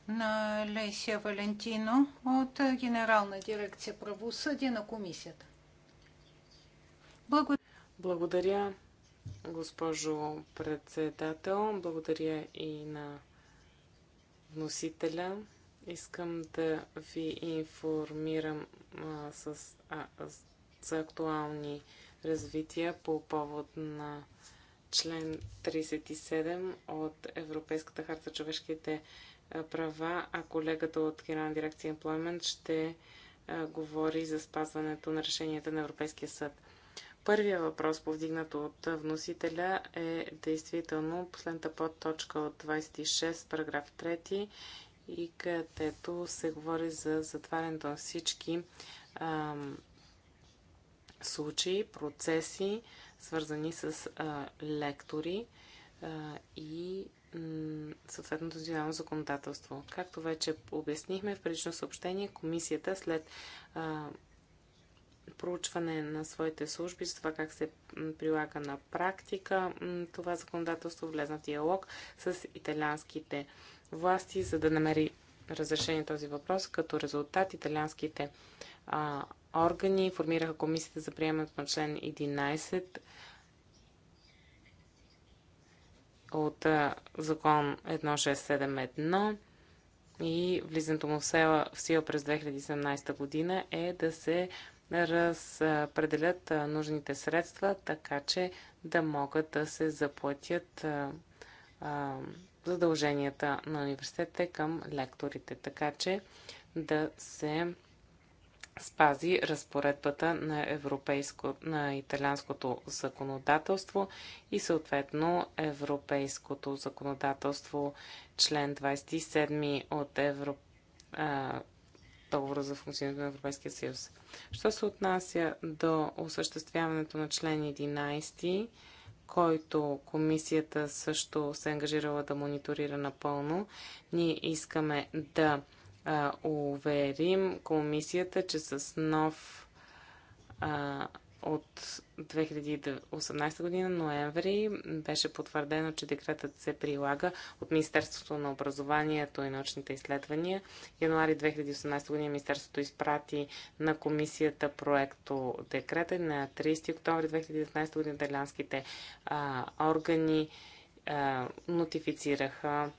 на Лесия Валентино от Генерална дирекция правосъдие на комисията.
Благодаря. Благодаря, госпожо председател. Благодаря и на вносителя. Искам да ви информирам а, с, а, за актуални развития по повод на член 37 от Европейската харта човешките права, а колегата от Генерална дирекция Employment ще говори за спазването на решенията на Европейския съд. Първия въпрос, повдигнат от вносителя, е действително последната подточка от 26, параграф 3, и където се говори за затварянето на всички ам, случаи, процеси, свързани с а, лектори а, и съответното национално законодателство. Както вече обяснихме в предишно съобщение, комисията след а, проучване на своите служби за това как се прилага на практика това законодателство, влезна в диалог с италианските власти, за да намери разрешение този въпрос. Като резултат, италианските а, органи формираха комисията за приемането на член 11 от закон 1671 и влизането му в, села, в сила през 2017 година е да се разпределят нужните средства, така че да могат да се заплатят задълженията на университетите към лекторите, така че да се спази разпоредбата на, европейско, на италианското законодателство и съответно европейското законодателство, член 27 от Евро, а, договора за функционирането на Европейския съюз. Що се отнася до осъществяването на член 11, който комисията също се е ангажирала да мониторира напълно, ние искаме да а, уверим комисията, че с нов а, от 2018 година, ноември, беше потвърдено, че декретът се прилага от Министерството на образованието и научните изследвания. Януари 2018 година Министерството изпрати на комисията проекто декрета. На 30 октомври 2019 година италианските органи а, нотифицираха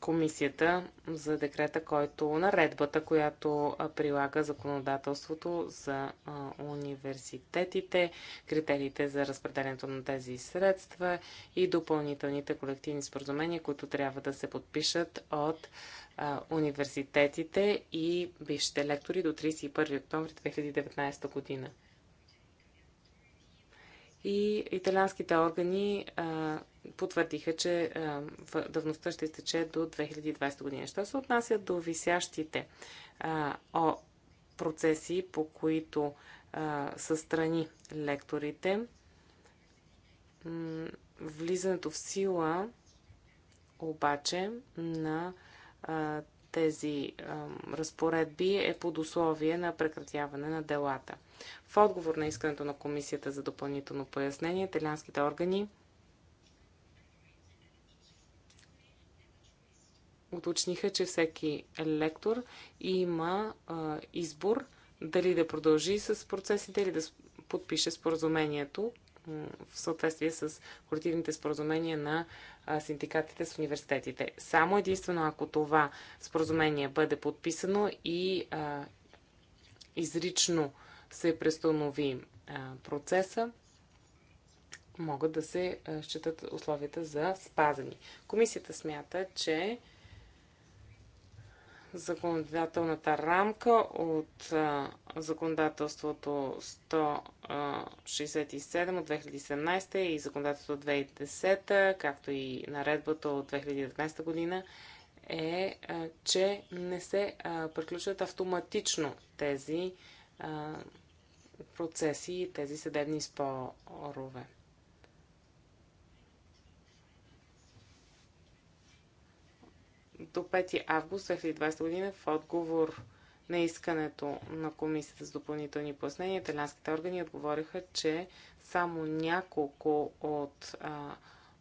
комисията за декрета, който наредбата, която прилага законодателството за университетите, критериите за разпределението на тези средства и допълнителните колективни споразумения, които трябва да се подпишат от университетите и бившите лектори до 31 октомври 2019 година и италианските органи а, потвърдиха, че а, давността ще изтече до 2020 година. Що се отнася до висящите а, о, процеси, по които а, са страни лекторите, влизането в сила обаче на а, тези разпоредби е под условие на прекратяване на делата. В отговор на искането на Комисията за допълнително пояснение, италианските органи уточниха, че всеки лектор има избор дали да продължи с процесите или да подпише споразумението, в съответствие с колективните споразумения на синдикатите с университетите. Само единствено ако това споразумение бъде подписано и а, изрично се престанови процеса, могат да се считат условията за спазани. Комисията смята, че законодателната рамка от а, законодателството 167 от 2017 и законодателството 2010, както и наредбата от 2019 година, е, а, че не се а, приключват автоматично тези процеси и тези съдебни спорове. до 5 август 2020 година в отговор на искането на Комисията с допълнителни пояснения, италианските органи отговориха, че само няколко от а,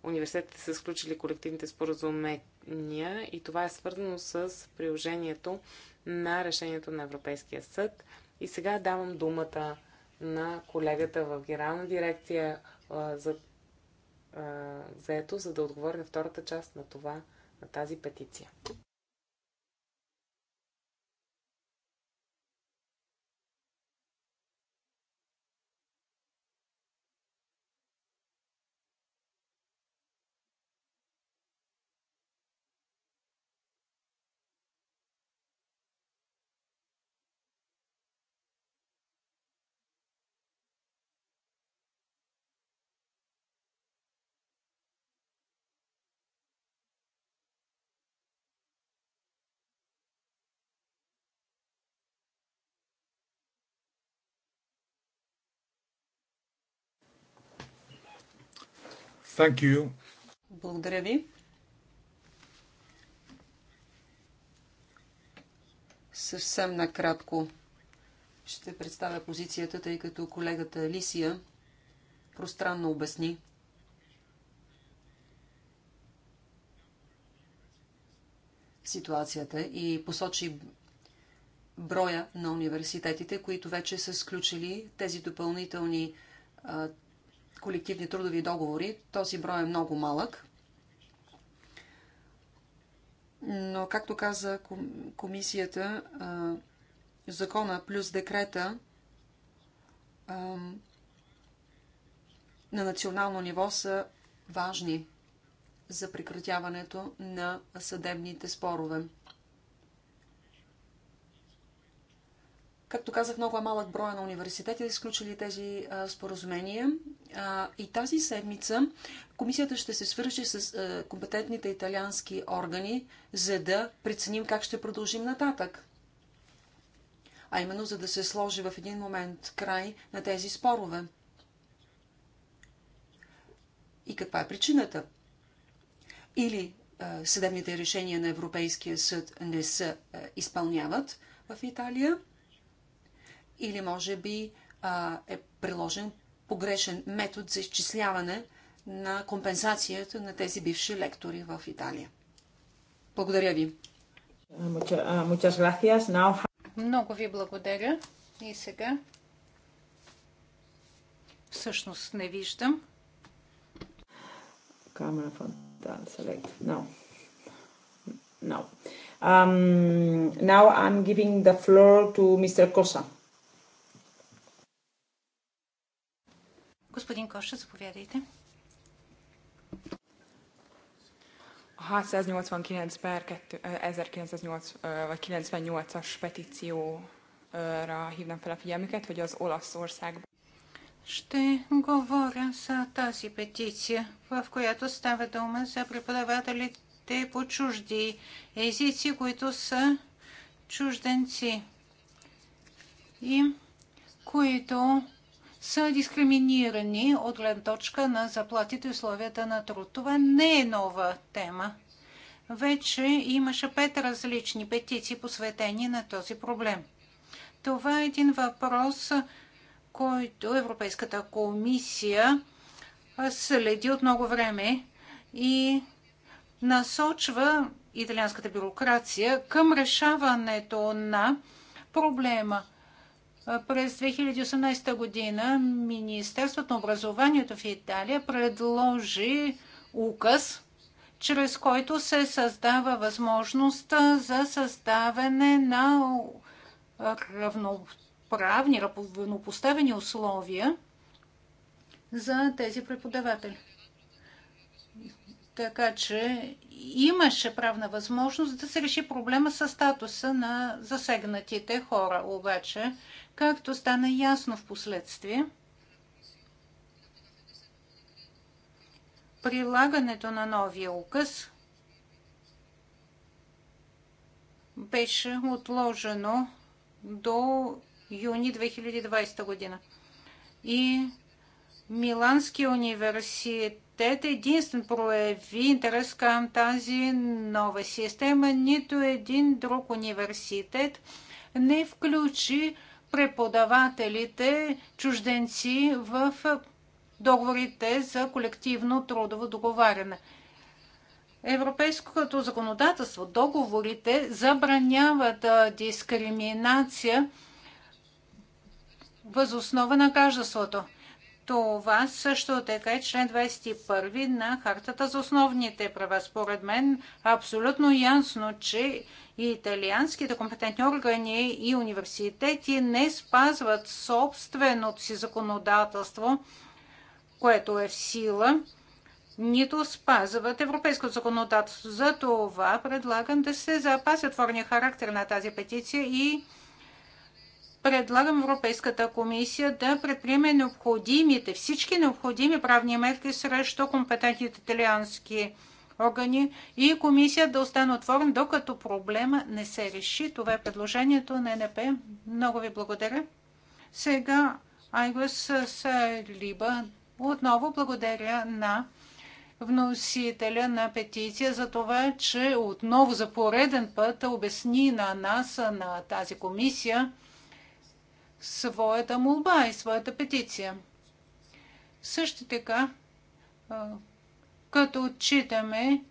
университетите са сключили колективните споразумения и това е свързано с приложението на решението на Европейския съд. И сега давам думата на колегата в Генерална дирекция а, за а, заето, за да отговори на втората част на това на тази петиция.
Thank you.
Благодаря ви. Съвсем накратко ще представя позицията, тъй като колегата Лисия пространно обясни. ситуацията и посочи броя на университетите, които вече са сключили тези допълнителни колективни трудови договори. Този брой е много малък. Но, както каза комисията, закона плюс декрета на национално ниво са важни за прекратяването на съдебните спорове. Както казах, много е малък броя на университетите, изключили тези а, споразумения. А, и тази седмица комисията ще се свържи с а, компетентните италиански органи, за да преценим как ще продължим нататък. А именно, за да се сложи в един момент край на тези спорове. И каква е причината? Или а, съдебните решения на Европейския съд не се изпълняват в Италия, или може би а, е приложен погрешен метод за изчисляване на компенсацията на тези бивши лектори в Италия. Благодаря ви. Много ви благодаря.
И сега. Всъщност не виждам.
Камера фонтан select. No. Но. Um, now I'm giving the floor to Mr. Cosa.
Господин Коша, заповядайте.
689 per 1908 vagy 98-as petícióra hívnám fel a figyelmüket, hogy az Olaszországban ще
говоря за тази петиция, в която става дума за преподавателите по чужди езици, които са чужденци и които са дискриминирани от гледна точка на заплатите и условията на труд. Това не е нова тема. Вече имаше пет различни петиции, посветени на този проблем. Това е един въпрос, който Европейската комисия следи от много време и насочва италианската бюрокрация към решаването на проблема – през 2018 година Министерството на образованието в Италия предложи указ, чрез който се създава възможност за създаване на равноправни, равнопоставени условия за тези преподаватели. Така че имаше правна възможност да се реши проблема с статуса на засегнатите хора. Обаче, както стана ясно в последствие, прилагането на новия указ беше отложено до юни 2020 година. И Миланския университет единствен прояви интерес към тази нова система. Нито един друг университет не включи преподавателите, чужденци в договорите за колективно трудово договаряне. Европейското законодателство, договорите забраняват дискриминация възоснова на гражданството. Това също така е член 21 на Хартата за основните права. Според мен абсолютно ясно, че и италианските компетентни органи и университети не спазват собственото си законодателство, което е в сила, нито спазват европейското законодателство. За това предлагам да се запази отворния характер на тази петиция и предлагам Европейската комисия да предприеме необходимите, всички необходими правни мерки срещу компетентните италиански органи и комисия да остане отворен, докато проблема не се реши. Това е предложението на НП. Много ви благодаря. Сега Айгос Либа Отново благодаря на вносителя на петиция за това, че отново за пореден път обясни на нас, на тази комисия, своята молба и своята петиция. Също така, като отчитаме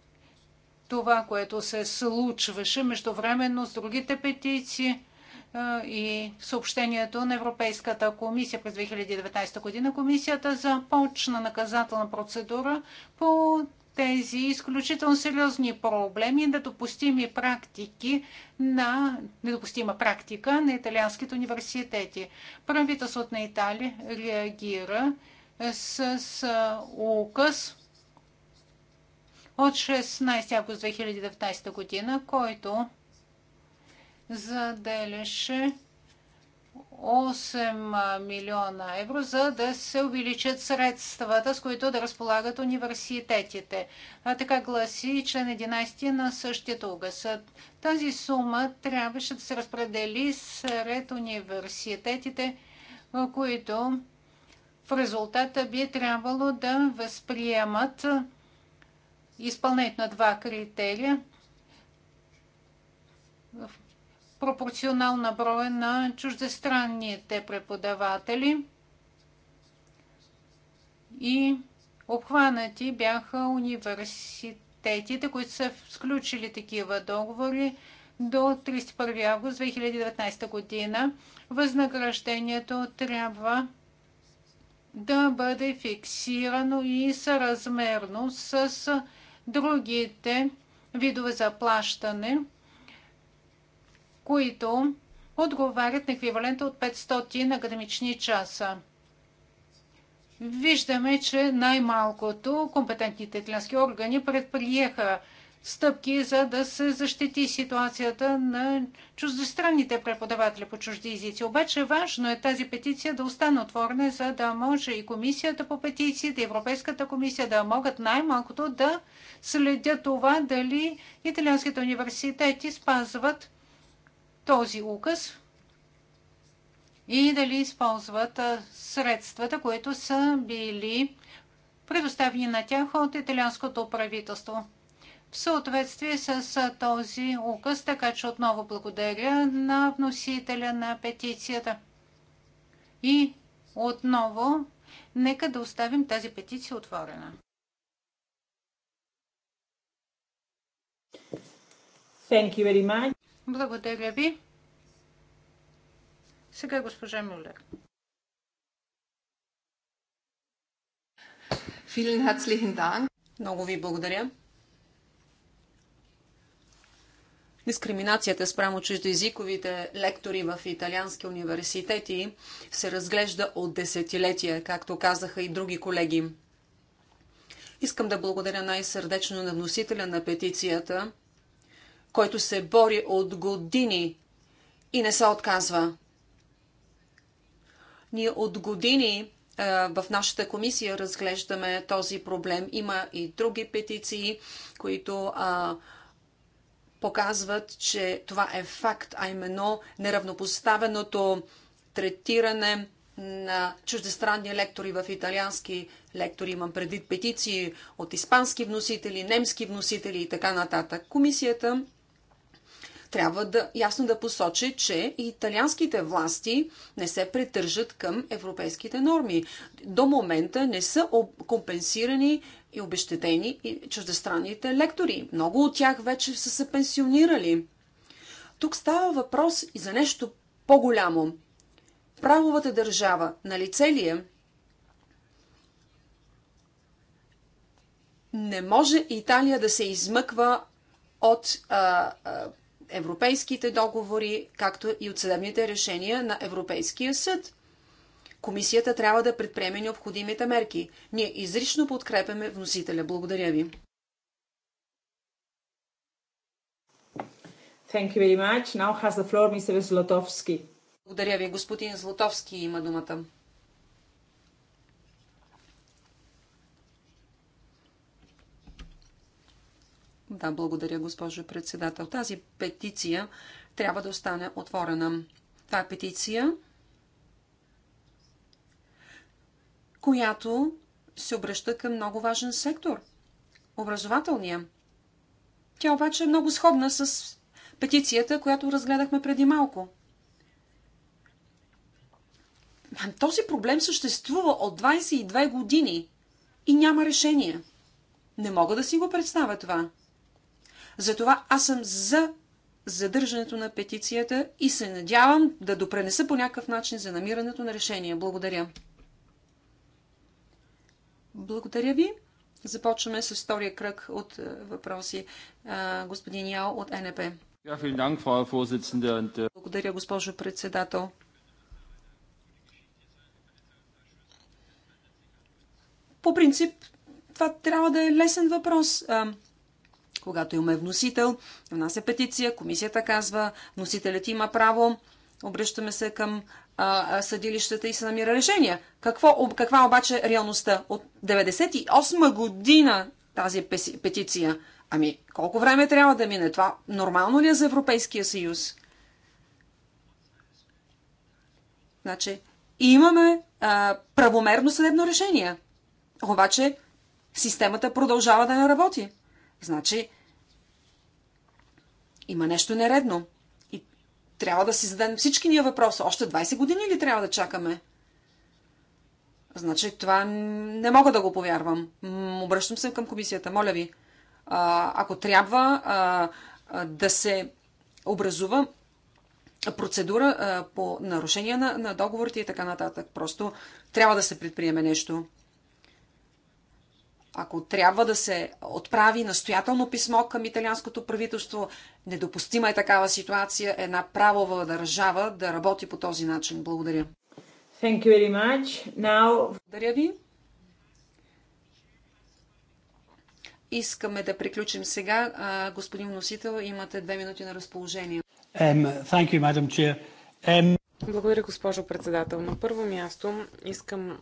това, което се случваше междувременно с другите петиции и съобщението на Европейската комисия през 2019 година, комисията започна наказателна процедура по тези изключително сериозни проблеми, допустими практики на недопустима практика на италианските университети. Правителството на Италия реагира с, с указ от 16 август 2019 година, който заделяше 8 милиона евро, за да се увеличат средствата, с които да разполагат университетите. А така гласи член 11 на същия УГАС. Тази сума трябваше да се разпредели сред университетите, които в резултата би трябвало да възприемат изпълнението на два критерия – пропорционална броя на чуждестранните преподаватели и обхванати бяха университетите, които са включили такива договори до 31 август 2019 година. Възнаграждението трябва да бъде фиксирано и съразмерно с другите видове заплащане – които отговарят на еквивалента от 500 академични часа. Виждаме, че най-малкото компетентните италиански органи предприеха стъпки, за да се защити ситуацията на чуждестранните преподаватели по чужди езици. Обаче важно е тази петиция да остане отворена, за да може и комисията по петициите, да Европейската комисия да могат най-малкото да следят това дали италианските университети спазват този указ и дали използват средствата, които са били предоставени на тях от италианското правителство. В съответствие с този указ, така че отново благодаря на вносителя на петицията. И отново, нека да оставим тази петиция отворена. Thank you very much. Благодаря ви. Сега госпожа Мюллер.
Много ви благодаря. Дискриминацията спрямо чуждоязиковите лектори в италиански университети се разглежда от десетилетия, както казаха и други колеги. Искам да благодаря най-сърдечно на вносителя на петицията – който се бори от години и не се отказва. Ние от години е, в нашата комисия разглеждаме този проблем. Има и други петиции, които а, показват, че това е факт, а именно неравнопоставеното третиране на чуждестранни лектори в италиански лектори. Имам предвид петиции от испански вносители, немски вносители и така нататък. Комисията трябва да ясно да посочи, че италианските власти не се притържат към европейските норми. До момента не са компенсирани и обещетени и чуждестранните лектори. Много от тях вече са се пенсионирали. Тук става въпрос и за нещо по-голямо. Правовата държава на лице ли е? Не може Италия да се измъква от а, а, европейските договори, както и от съдебните решения на Европейския съд. Комисията трябва да предприеме необходимите мерки. Ние изрично подкрепяме вносителя. Благодаря ви. Thank you very much. Now has the floor Mr. Zlotowski. Благодаря ви. Господин Златовски има думата. Да, благодаря, госпожо председател. Тази петиция трябва да остане отворена. Това е петиция, която се обръща към много важен сектор образователния. Тя обаче е много сходна с петицията, която разгледахме преди малко. Този проблем съществува от 22 години и няма решение. Не мога да си го представя това. Затова аз съм за задържането на петицията и се надявам да допренеса по някакъв начин за намирането на решение. Благодаря. Благодаря ви. Започваме с втория кръг от е, въпроси. Господин Яо от НП.
Äh,
Благодаря, госпожо председател. По принцип, това трябва да е лесен въпрос. Когато имаме вносител, внася петиция, комисията казва, вносителят има право, обръщаме се към а, съдилищата и се намира решение. Какво, каква обаче реалността? От 98 година тази петиция. Ами, колко време трябва да мине това? Нормално ли е за Европейския съюз? Значи, имаме а, правомерно съдебно решение. Обаче, системата продължава да не работи. Значи, има нещо нередно. И трябва да си зададем всички ние въпроса. Още 20 години ли трябва да чакаме? Значи, това не мога да го повярвам. Обръщам се към комисията. Моля ви, ако трябва а, а, да се образува процедура а, по нарушение на, на договорите и така нататък. Просто трябва да се предприеме нещо ако трябва да се отправи настоятелно писмо към италианското правителство, недопустима е такава ситуация, е една правова държава да работи по този начин. Благодаря. Thank you very much. Now... Благодаря ви. Искаме да приключим сега. господин носител, имате две минути
на разположение. Um, thank
you, Madam Chair. Um...
Благодаря, госпожо председател. На първо място искам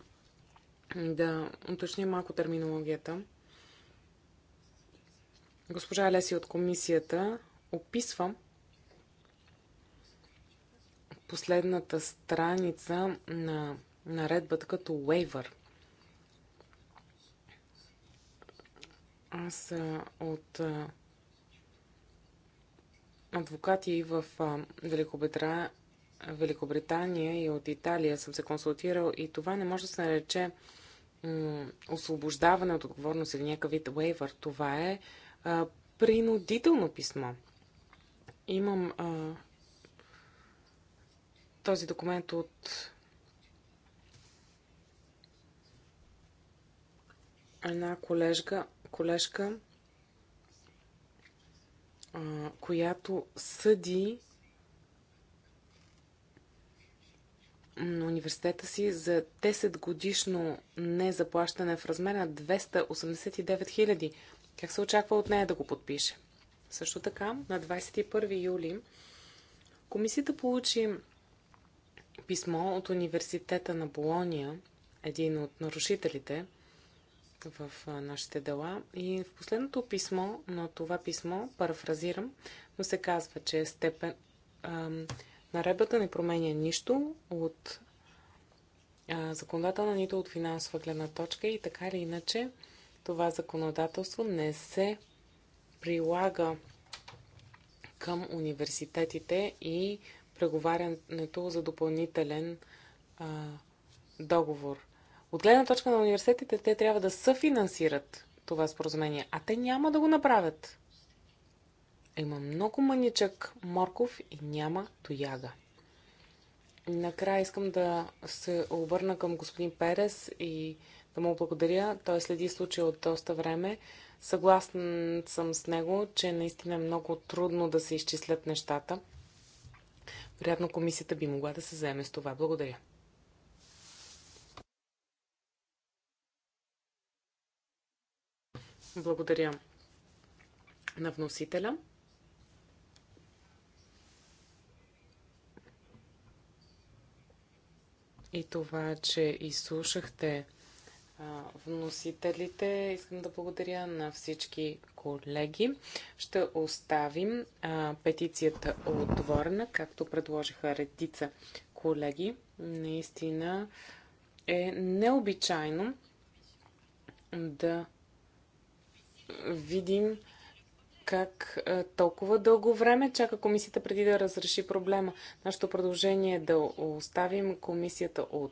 да уточним малко терминологията. Госпожа Леси от комисията описва последната страница на наредбата като waiver. Аз от адвокати в Великобритания Великобритания и от Италия съм се консултирал и това не може да се нарече освобождаване от отговорност или някакъв вид waiver. Това е а, принудително писмо. Имам а, този документ от една колежка, колежка а, която съди на университета си за 10 годишно незаплащане в размер на 289 хиляди. Как се очаква от нея да го подпише? Също така, на 21 юли комисията получи писмо от университета на Болония, един от нарушителите в нашите дела. И в последното писмо на това писмо, парафразирам, но се казва, че степен, Наредбата не променя нищо от а, законодателна, нито от финансова гледна точка и така или иначе това законодателство не се прилага към университетите и преговарянето за допълнителен а, договор. От гледна точка на университетите, те трябва да съфинансират това споразумение, а те няма да го направят. Има много маничък морков и няма тояга. Накрая искам да се обърна към господин Перес и да му благодаря. Той следи случая от доста време. Съгласен съм с него, че наистина е много трудно да се изчислят нещата. Вероятно комисията би могла да се заеме с това. Благодаря. Благодаря на вносителя. и това, че изслушахте вносителите. Искам да благодаря на всички колеги. Ще оставим а, петицията отворена, както предложиха редица колеги. Наистина е необичайно да видим как толкова дълго време чака комисията преди да разреши проблема. Нашето предложение е да оставим комисията от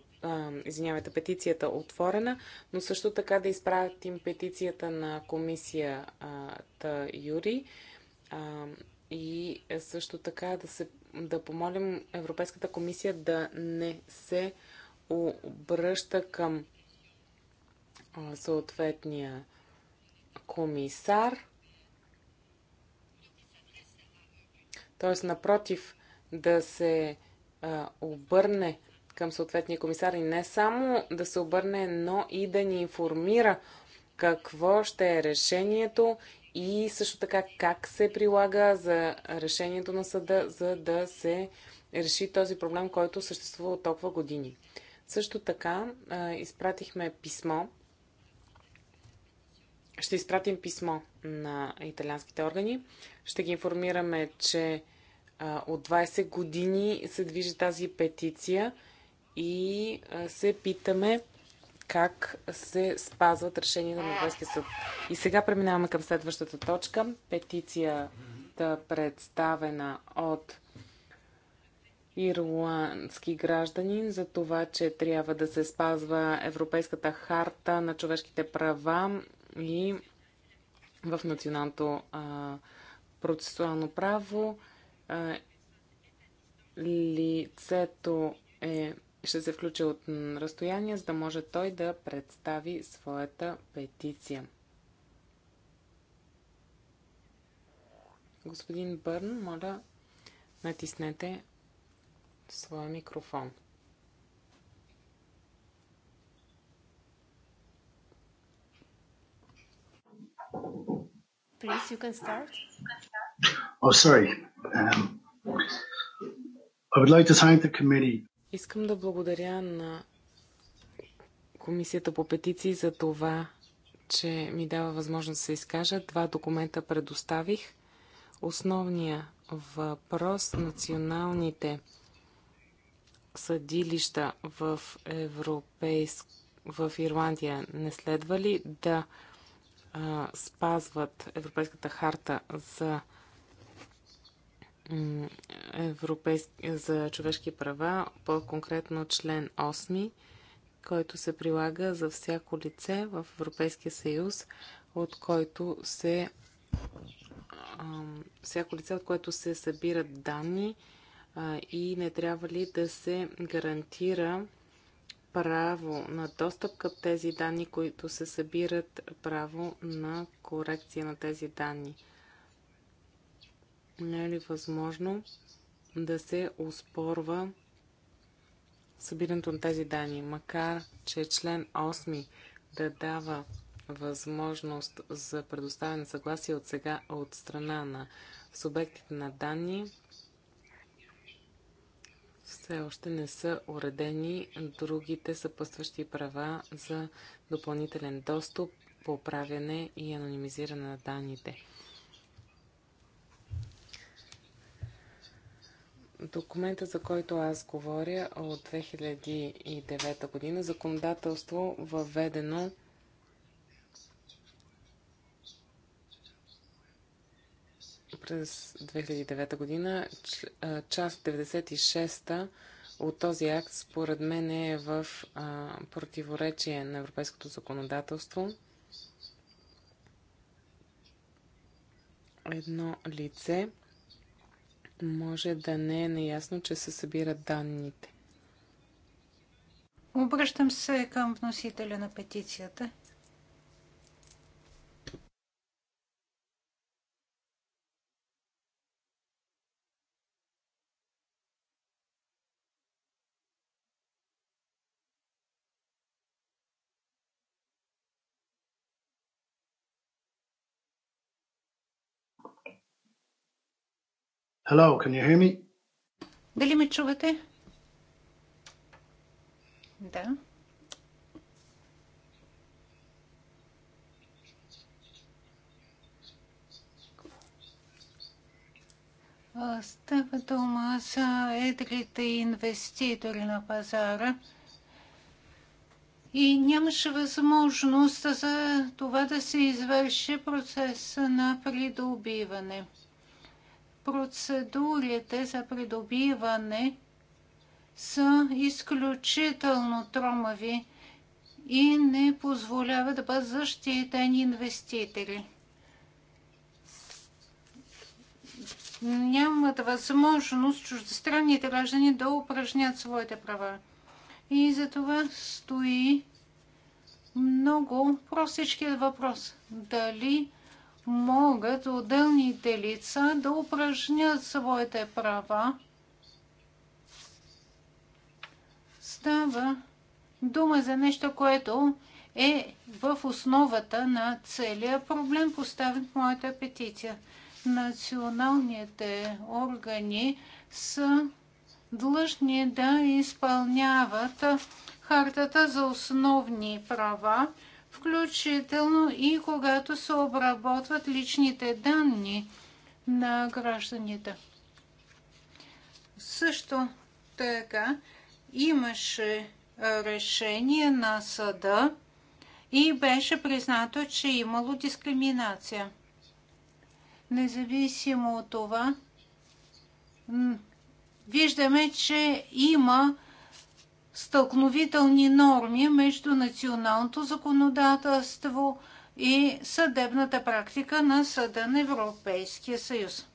извинявайте, петицията отворена, но също така да изпратим петицията на комисията Юри и също така да, се, да помолим Европейската комисия да не се обръща към съответния комисар – Т.е. напротив, да се а, обърне към съответния комисар и не само да се обърне, но и да ни информира какво ще е решението и също така как се прилага за решението на съда, за да се реши този проблем, който съществува от толкова години. Също така а, изпратихме писмо. Ще изпратим писмо на италианските органи ще ги информираме, че а, от 20 години се движи тази петиция и а, се питаме как се спазват решения на Европейския съд. И сега преминаваме към следващата точка. Петицията, представена от ирландски гражданин за това, че трябва да се спазва Европейската харта на човешките права и в националното а, процесуално право. Лицето е, ще се включи от разстояние, за да може той да представи своята петиция. Господин Бърн, моля, натиснете своя микрофон. Please, you can start.
Oh, sorry. Um,
I would like to thank the committee.
Искам да благодаря на Комисията по петиции за това, че ми дава възможност да се изкажа. Два документа предоставих. Основния въпрос националните съдилища в, Европейск... в Ирландия не следва ли да а, спазват Европейската харта за за човешки права, по-конкретно член 8, който се прилага за всяко лице в Европейския съюз, от който се всяко лице, от което се събират данни и не трябва ли да се гарантира право на достъп към тези данни, които се събират, право на корекция на тези данни не е ли възможно да се успорва събирането на тези данни, макар че член 8 да дава възможност за предоставяне съгласие от сега от страна на субектите на данни, все още не са уредени другите съпътстващи права за допълнителен достъп, поправяне и анонимизиране на данните. документа, за който аз говоря от 2009 година, законодателство въведено през 2009 година, част 96-та от този акт, според мен е в а, противоречие на европейското законодателство. Едно лице може да не е неясно, че се събират данните.
Обръщам се към вносителя на петицията. Hello, can you hear me? Дали ме чувате? Да. Става дума за едрите инвеститори на пазара. И нямаше възможност за това да се извърши процес на придобиване процедурите за придобиване са изключително тромави и не позволява да бъдат защитени инвеститори. Нямат възможност чуждестранните граждани да упражнят своите права. И за това стои много простичкият въпрос. Дали могат отделните лица да упражнят своите права. Става дума за нещо, което е в основата на целия проблем, поставен в моята петиция. Националните органи са длъжни да изпълняват хартата за основни права, включително и когато се обработват личните данни на гражданите. Също така имаше решение на съда и беше признато, че е имало дискриминация. Независимо от това, виждаме, че има стълкновителни норми между националното законодателство и съдебната практика на Съда на Европейския съюз.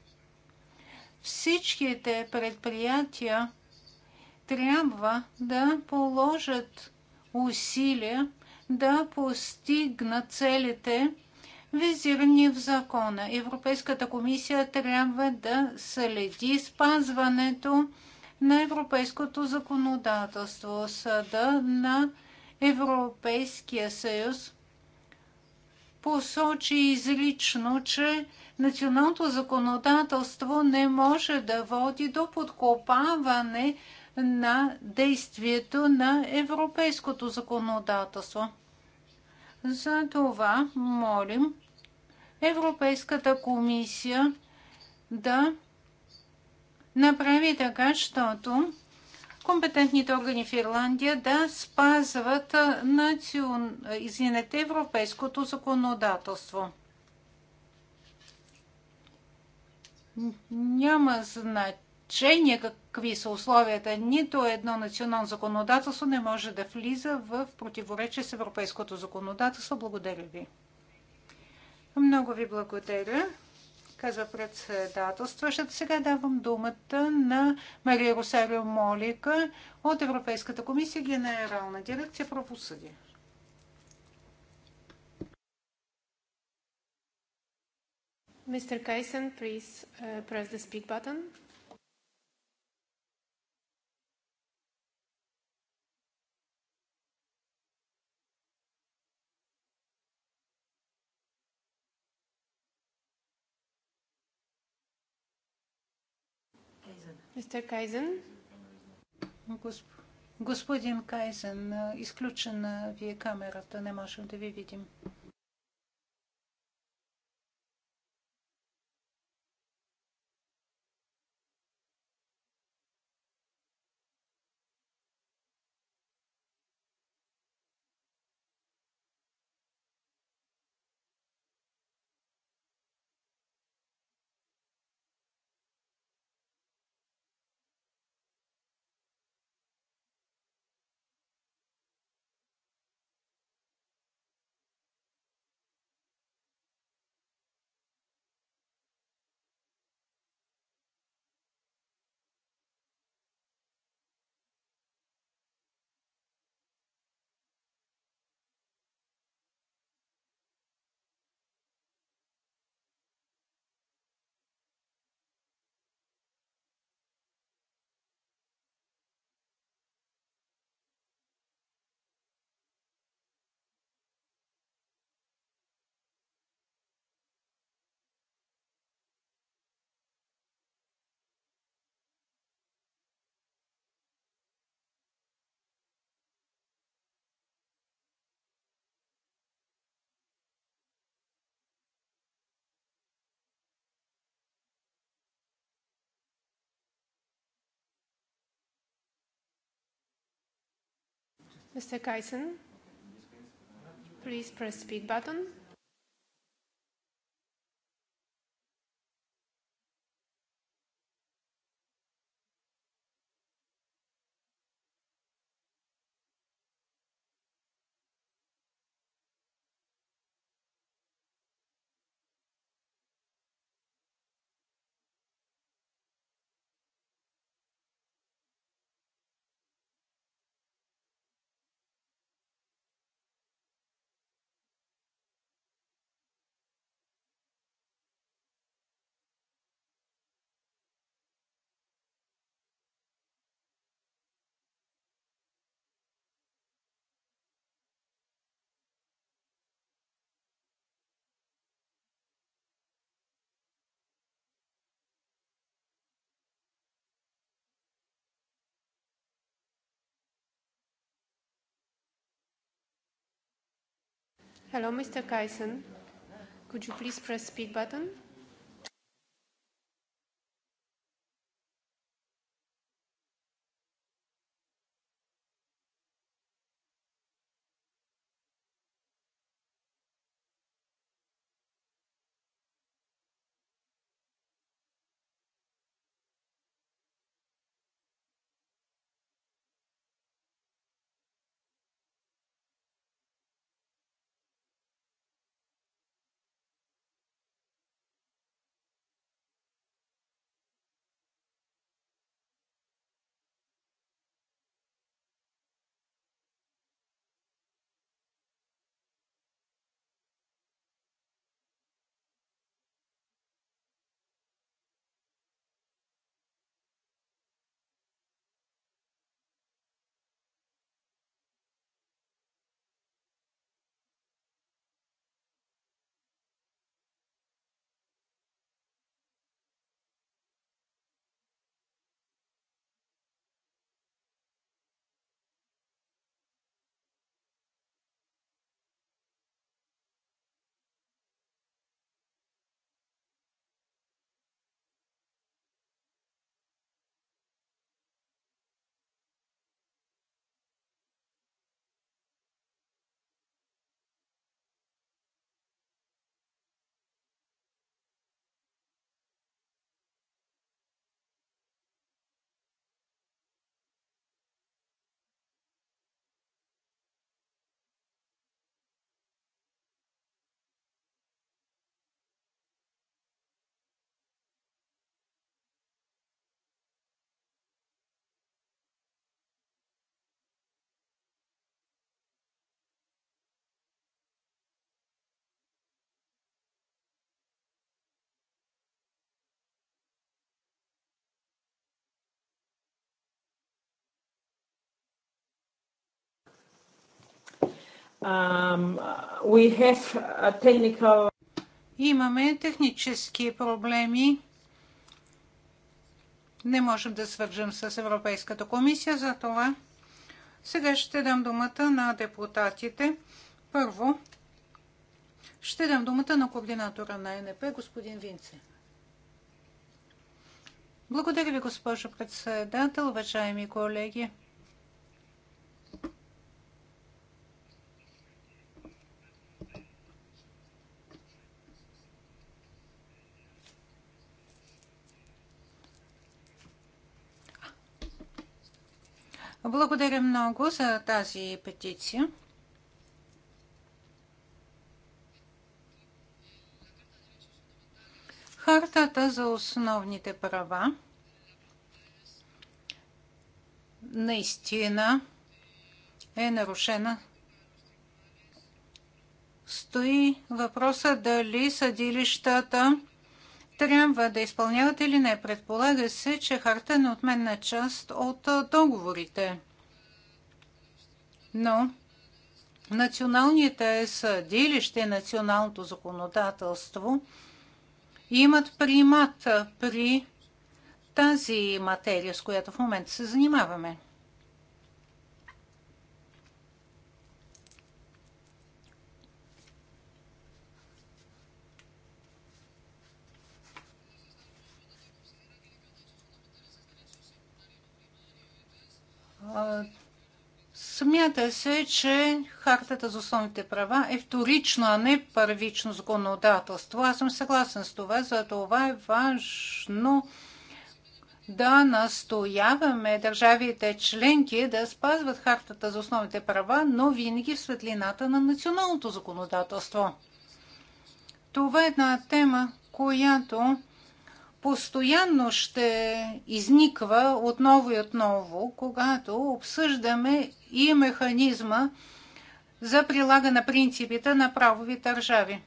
Всичките предприятия трябва да положат усилия да постигнат целите, визирани в закона. Европейската комисия трябва да следи спазването на европейското законодателство. Съда на Европейския съюз посочи излично, че националното законодателство не може да води до подкопаване на действието на европейското законодателство. За това молим Европейската комисия да направи така, щото компетентните органи в Ирландия да спазват национ... извинете, европейското законодателство. Няма значение какви са условията. Нито едно национално законодателство не може да влиза в противоречие с европейското законодателство. Благодаря ви. Много ви благодаря казва председателстващата. Сега давам думата на Мария Росарио Молика от Европейската комисия, Генерална дирекция правосъдие.
Мистер Кайсен, please uh, press the speak button.
Мистер Кайзен? Господин Кайзен, изключена ви е камерата, не можем да ви видим.
Mr. Kaisen, please press speak button. Hello, Mr. Kaisen. Could you please press speed button?
Um, we have a technical... Имаме технически проблеми. Не можем да свържем с Европейската комисия за това. Сега ще дам думата на депутатите. Първо, ще дам думата на координатора на НП, господин Винце. Благодаря ви, госпожо председател, уважаеми колеги. Благодаря много за тази петиция. Хартата за основните права наистина е нарушена. Стои въпроса дали съдилищата трябва да изпълняват или не. Предполага се, че харта е неотменна част от договорите. Но националните съдилище националното законодателство имат примат при тази материя, с която в момента се занимаваме. Смята се, че Хартата за основните права е вторично, а не първично законодателство. Аз съм съгласен с това, за това е важно да настояваме държавите членки да спазват Хартата за основните права, но винаги в светлината на националното законодателство. Това е една тема, която постоянно ще изниква отново и отново, когато обсъждаме и механизма за прилага на принципите на правови държави.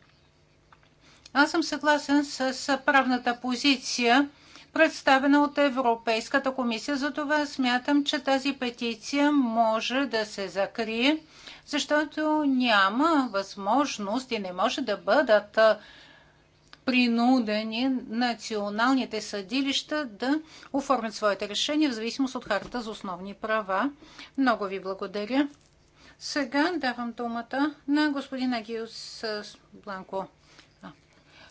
Аз съм съгласен с правната позиция, представена от Европейската комисия. Затова смятам, че тази петиция може да се закрие, защото няма възможност и не може да бъдат принудени националните съдилища да оформят своите решения в зависимост от харта за основни права. Много ви благодаря. Сега давам думата на господин Агиус Бланко.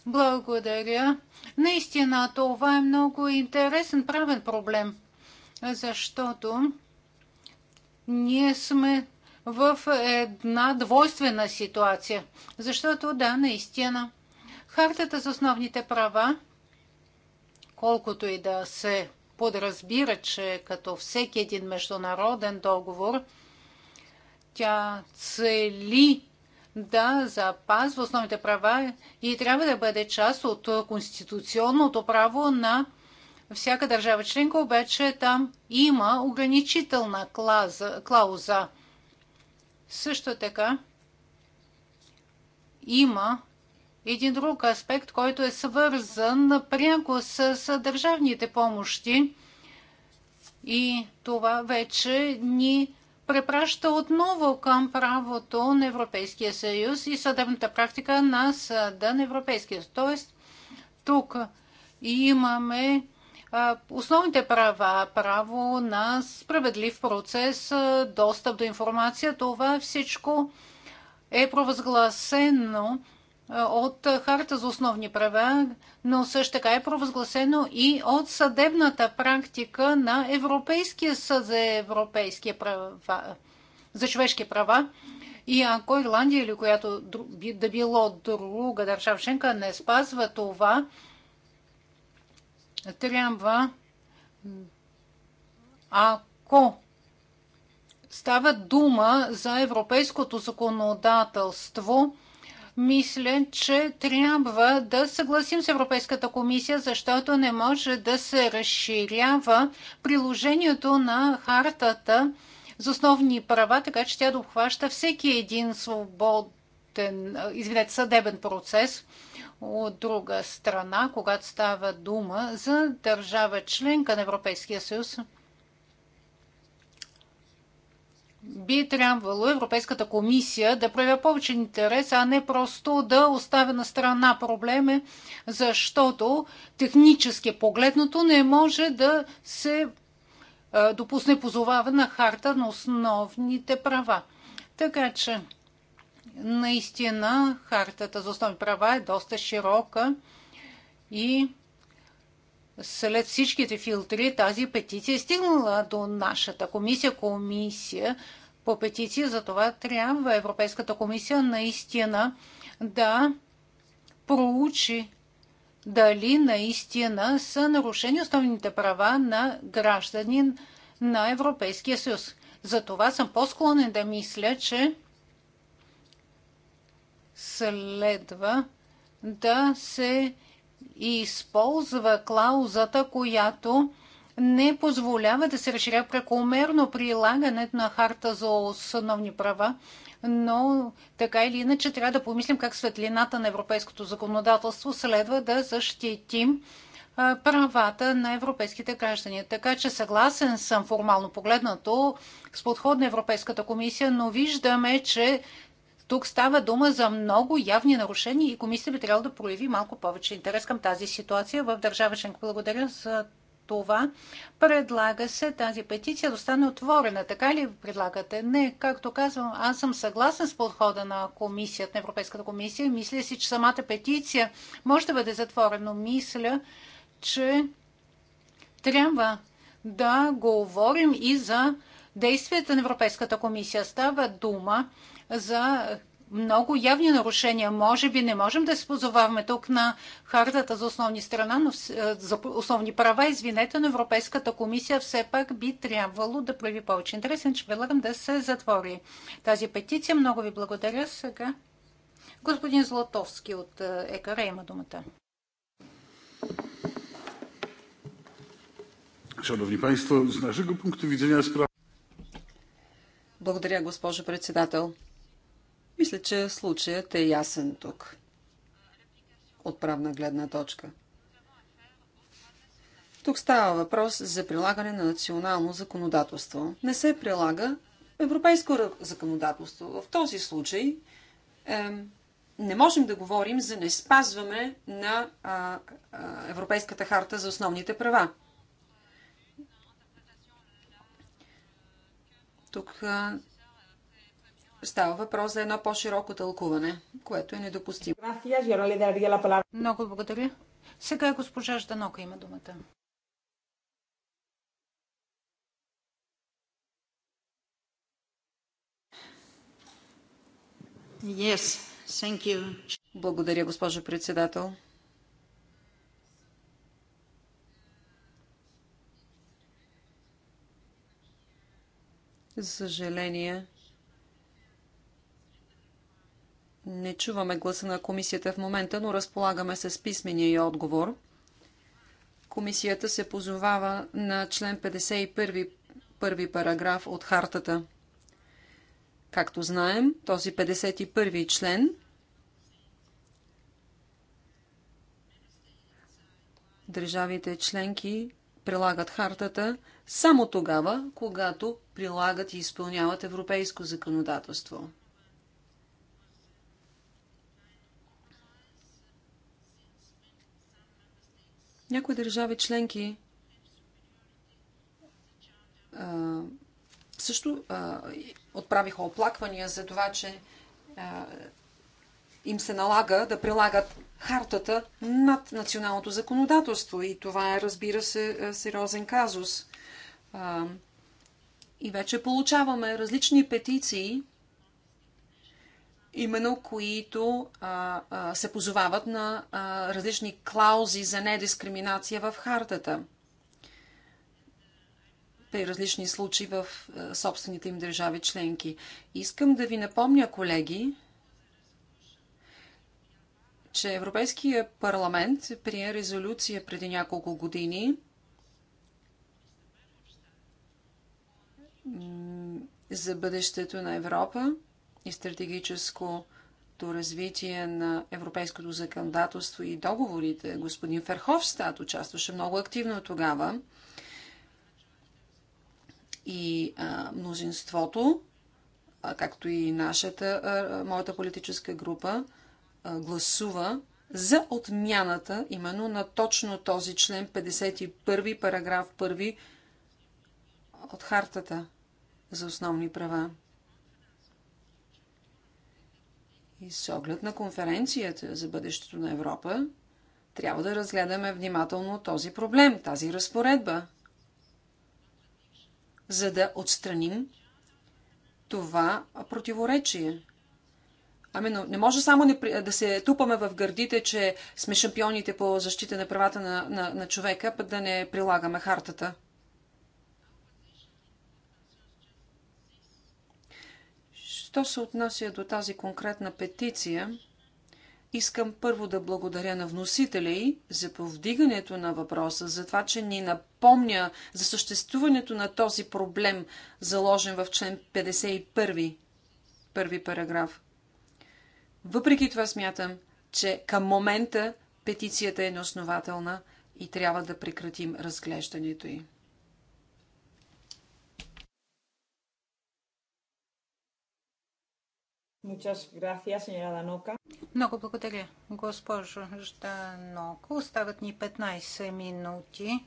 Благодаря. Наистина това е много интересен правен проблем, защото ние сме в една двойствена ситуация. Защото да, наистина Хартата за основните права, колкото и да се подразбира, че като всеки един международен договор, тя цели да запазва основните права и трябва да бъде част от конституционното право на всяка държава членка, обаче там има ограничителна клауза. клауза. Също така има един друг аспект, който е свързан пряко с, държавните помощи. И това вече ни препраща отново към правото на Европейския съюз и съдебната практика на съда на Европейския съюз. Тоест, тук имаме основните права, право на справедлив процес, достъп до информация. Това всичко е провъзгласено е, от Харта за основни права, но също така е провъзгласено и от съдебната практика на Европейския съд за европейски права, за човешки права. И ако Ирландия или която да било друга Държавшенка не спазва това, трябва ако става дума за европейското законодателство, мисля, че трябва да съгласим с Европейската комисия, защото не може да се разширява приложението на хартата за основни права, така че тя да обхваща всеки един свободен, извинете, съдебен процес. От друга страна, когато става дума за държава членка на Европейския съюз, би трябвало Европейската комисия да проявя повече интерес, а не просто да оставя на страна проблеми, защото технически погледното не може да се допусне позовава на харта на основните права. Така че, наистина, хартата за основни права е доста широка и след всичките филтри тази петиция е стигнала до нашата комисия, комисия по петиции. Затова трябва Европейската комисия наистина да проучи дали наистина са нарушени основните права на гражданин на Европейския съюз. Затова съм по-склонен да мисля, че следва да се и използва клаузата, която не позволява да се разширя прекомерно прилагането на харта за основни права, но така или иначе трябва да помислим как светлината на европейското законодателство следва да защитим правата на европейските граждани. Така че съгласен съм формално погледнато с подход на Европейската комисия, но виждаме, че тук става дума за много явни нарушения и комисията би трябвало да прояви малко повече интерес към тази ситуация в държава членка. Благодаря за това. Предлага се тази петиция да остане отворена. Така ли предлагате? Не, както казвам, аз съм съгласен с подхода на комисията, на Европейската комисия. Мисля си, че самата петиция може да бъде затворена. Мисля, че трябва да говорим и за действията на Европейската комисия. Става дума за много явни нарушения. Може би не можем да се позоваваме тук на хардата за основни, страна, но, е, за основни права, извинете, на Европейската комисия все пак би трябвало да прояви повече интерес, че предлагам да се затвори тази петиция. Много ви благодаря сега. Господин Златовски от е, ЕКАРА има думата. Шановни Państwo, с нашего пункта видения справа.
Благодаря, госпожо председател. Мисля, че случаят е ясен тук от правна гледна точка. Тук става въпрос за прилагане на национално законодателство. Не се прилага европейско законодателство. В този случай е, не можем да говорим за не спазваме на а, а, Европейската харта за основните права. Тук Става въпрос за едно по-широко тълкуване, което е недопустимо. Много благодаря. Сега госпожа Жданока има думата. Yes, thank you. Благодаря, госпожо председател. За съжаление, Не чуваме гласа на комисията в момента, но разполагаме с писмения и отговор. Комисията се позовава на член 51 първи параграф от хартата. Както знаем, този 51 член държавите членки прилагат хартата само тогава, когато прилагат и изпълняват европейско законодателство. Някои държави членки а, също а, отправиха оплаквания за това, че а, им се налага да прилагат хартата над националното законодателство. И това е, разбира се, е, сериозен казус. И вече получаваме различни петиции именно които а, а, се позовават на а, различни клаузи за недискриминация в хартата при различни случаи в а, собствените им държави членки. Искам да ви напомня, колеги, че Европейския парламент прие резолюция преди няколко години за бъдещето на Европа и стратегическото развитие на европейското законодателство и договорите. Господин Ферховстат участваше много активно тогава и а, мнозинството, а, както и нашата, а, моята политическа група, а, гласува за отмяната именно на точно този член 51, параграф 1 от Хартата за основни права. И с оглед на конференцията за бъдещето на Европа, трябва да разгледаме внимателно този проблем, тази разпоредба, за да отстраним това противоречие. Ами, но не може само да се тупаме в гърдите, че сме шампионите по защита на правата на, на, на човека, пък да не прилагаме хартата. Що се отнася до тази конкретна петиция, искам първо да благодаря на вносителя й за повдигането на въпроса, за това, че ни напомня за съществуването на този проблем, заложен в член 51, първи параграф. Въпреки това смятам, че към момента петицията е неоснователна и трябва да прекратим разглеждането й.
Gracias, Много благодаря, госпожо Жданоко. Остават ни 15 минути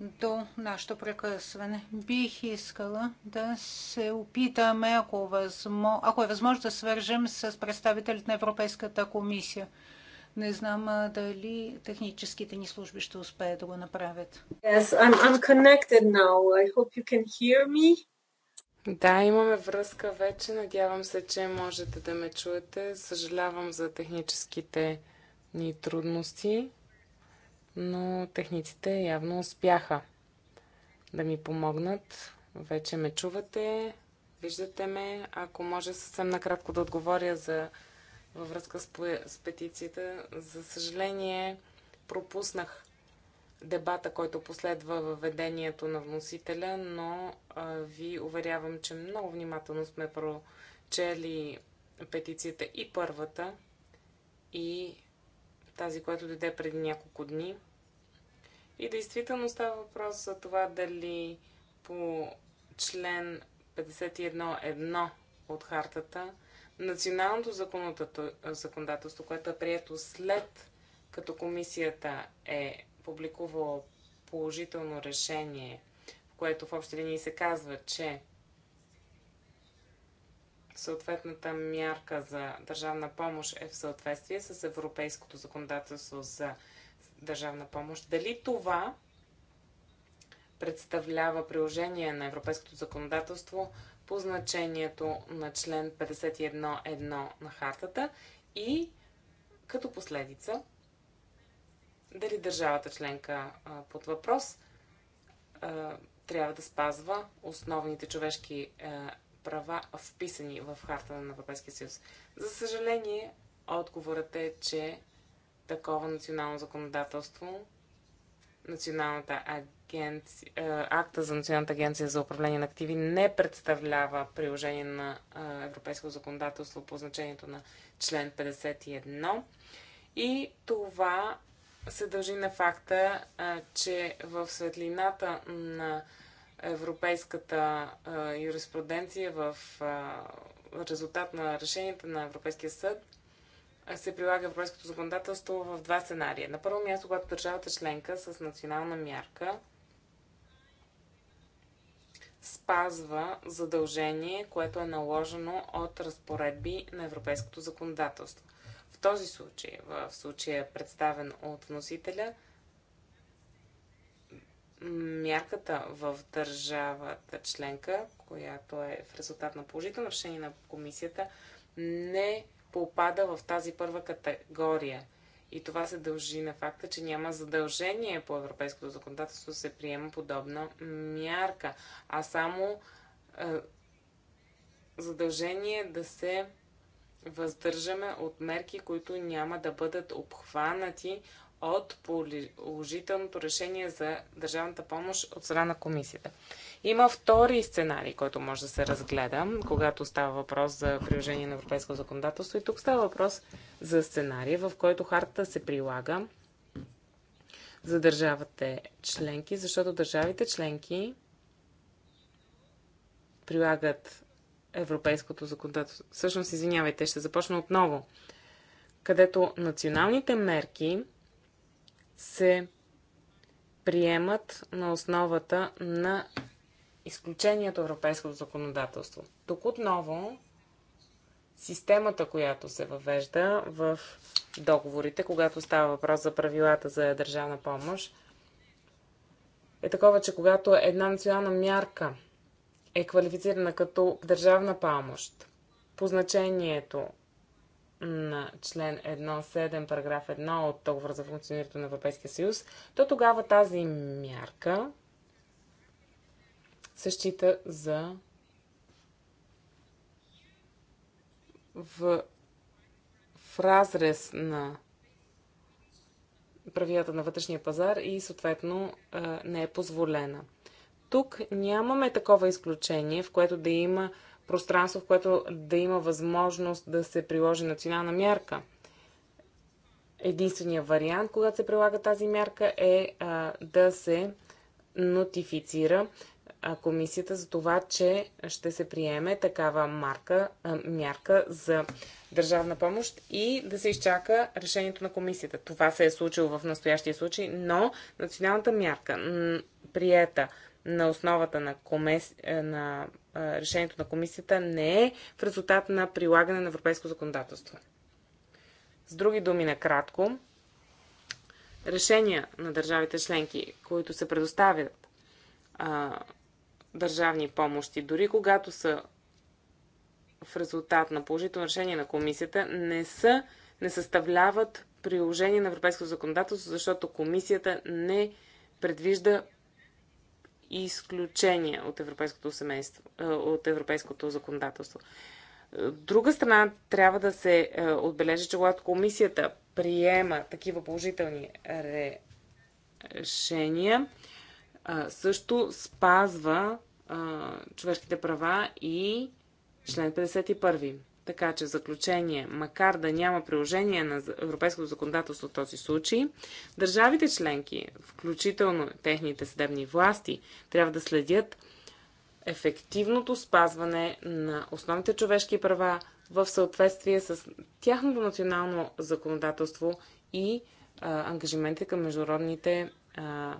до нашето прекъсване. Бих искала да се опитаме, ако, възмо... ако е възможно, да свържем с представителите на Европейската комисия. Не знам дали техническите ни служби ще успеят да го направят. Yes, I'm, I'm
connected now. I hope you can hear me. Да, имаме връзка вече. Надявам се, че можете да ме чуете. Съжалявам за техническите ни трудности, но техниците явно успяха да ми помогнат. Вече ме чувате, виждате ме. Ако може съвсем накратко да отговоря за във връзка с, с петицията. За съжаление, пропуснах дебата, който последва въведението на вносителя, но а, ви уверявам, че много внимателно сме прочели петицията и първата, и тази, която дойде преди няколко дни. И действително става въпрос за това дали по член 51.1 от хартата националното законодателство, което е прието след като комисията е публикувало положително решение, в което в общи линии се казва, че съответната мярка за държавна помощ е в съответствие с европейското законодателство за държавна помощ. Дали това представлява приложение на европейското законодателство по значението на член 51.1 на хартата и като последица дали държавата членка под въпрос трябва да спазва основните човешки права, вписани в харта на Европейския съюз. За съжаление, отговорът е, че такова национално законодателство, националната агенция, акта за Националната агенция за управление на активи не представлява приложение на европейско законодателство по значението на член 51. И това се дължи на факта, че в светлината на европейската юриспруденция в резултат на решенията на Европейския съд се прилага европейското законодателство в два сценария. На първо място, когато държавата е членка с национална мярка спазва задължение, което е наложено от разпоредби на европейското законодателство този случай, в случая е представен от носителя, мярката в държавата членка, която е в резултат на положително решение на комисията, не попада в тази първа категория. И това се дължи на факта, че няма задължение по европейското законодателство да се приема подобна мярка, а само е, задължение да се въздържаме от мерки, които няма да бъдат обхванати от положителното решение за държавната помощ от страна на комисията. Има втори сценарий, който може да се разгледа, когато става въпрос за приложение на европейско законодателство. И тук става въпрос за сценарий, в който хартата се прилага за държавите членки, защото държавите членки прилагат европейското законодателство. Всъщност, извинявайте, ще започна отново. Където националните мерки се приемат на основата на изключението европейското законодателство. Тук отново системата, която се въвежда в договорите, когато става въпрос за правилата за държавна помощ, е такова, че когато една национална мярка е квалифицирана като държавна помощ по значението на член 1.7, параграф 1 от Договора за функционирането на Европейския съюз, то тогава тази мярка се счита за в, в разрез на правилата на вътрешния пазар и съответно е, не е позволена. Тук нямаме такова изключение, в което да има пространство, в което да има възможност да се приложи национална мярка. Единственият вариант, когато се прилага тази мярка, е а, да се нотифицира а, комисията за това, че ще се приеме такава марка, а, мярка за държавна помощ и да се изчака решението на комисията. Това се е случило в настоящия случай, но националната мярка, приета на основата на, комес... Е, на е, решението на комисията не е в резултат на прилагане на европейско законодателство. С други думи, накратко, решения на държавите членки, които се предоставят а, държавни помощи, дори когато са в резултат на положително решение на комисията, не, са, не съставляват приложение на европейското законодателство, защото комисията не предвижда изключения от европейското, семейство, е, от европейското законодателство. Е, друга страна трябва да се е, отбележи, че когато комисията приема такива положителни решения, също спазва човешките права и член 51. Така че, в заключение, макар да няма приложение на европейското законодателство в този случай, държавите членки, включително техните съдебни власти, трябва да следят ефективното спазване на основните човешки права в съответствие с тяхното национално законодателство и а, ангажименти към международните а,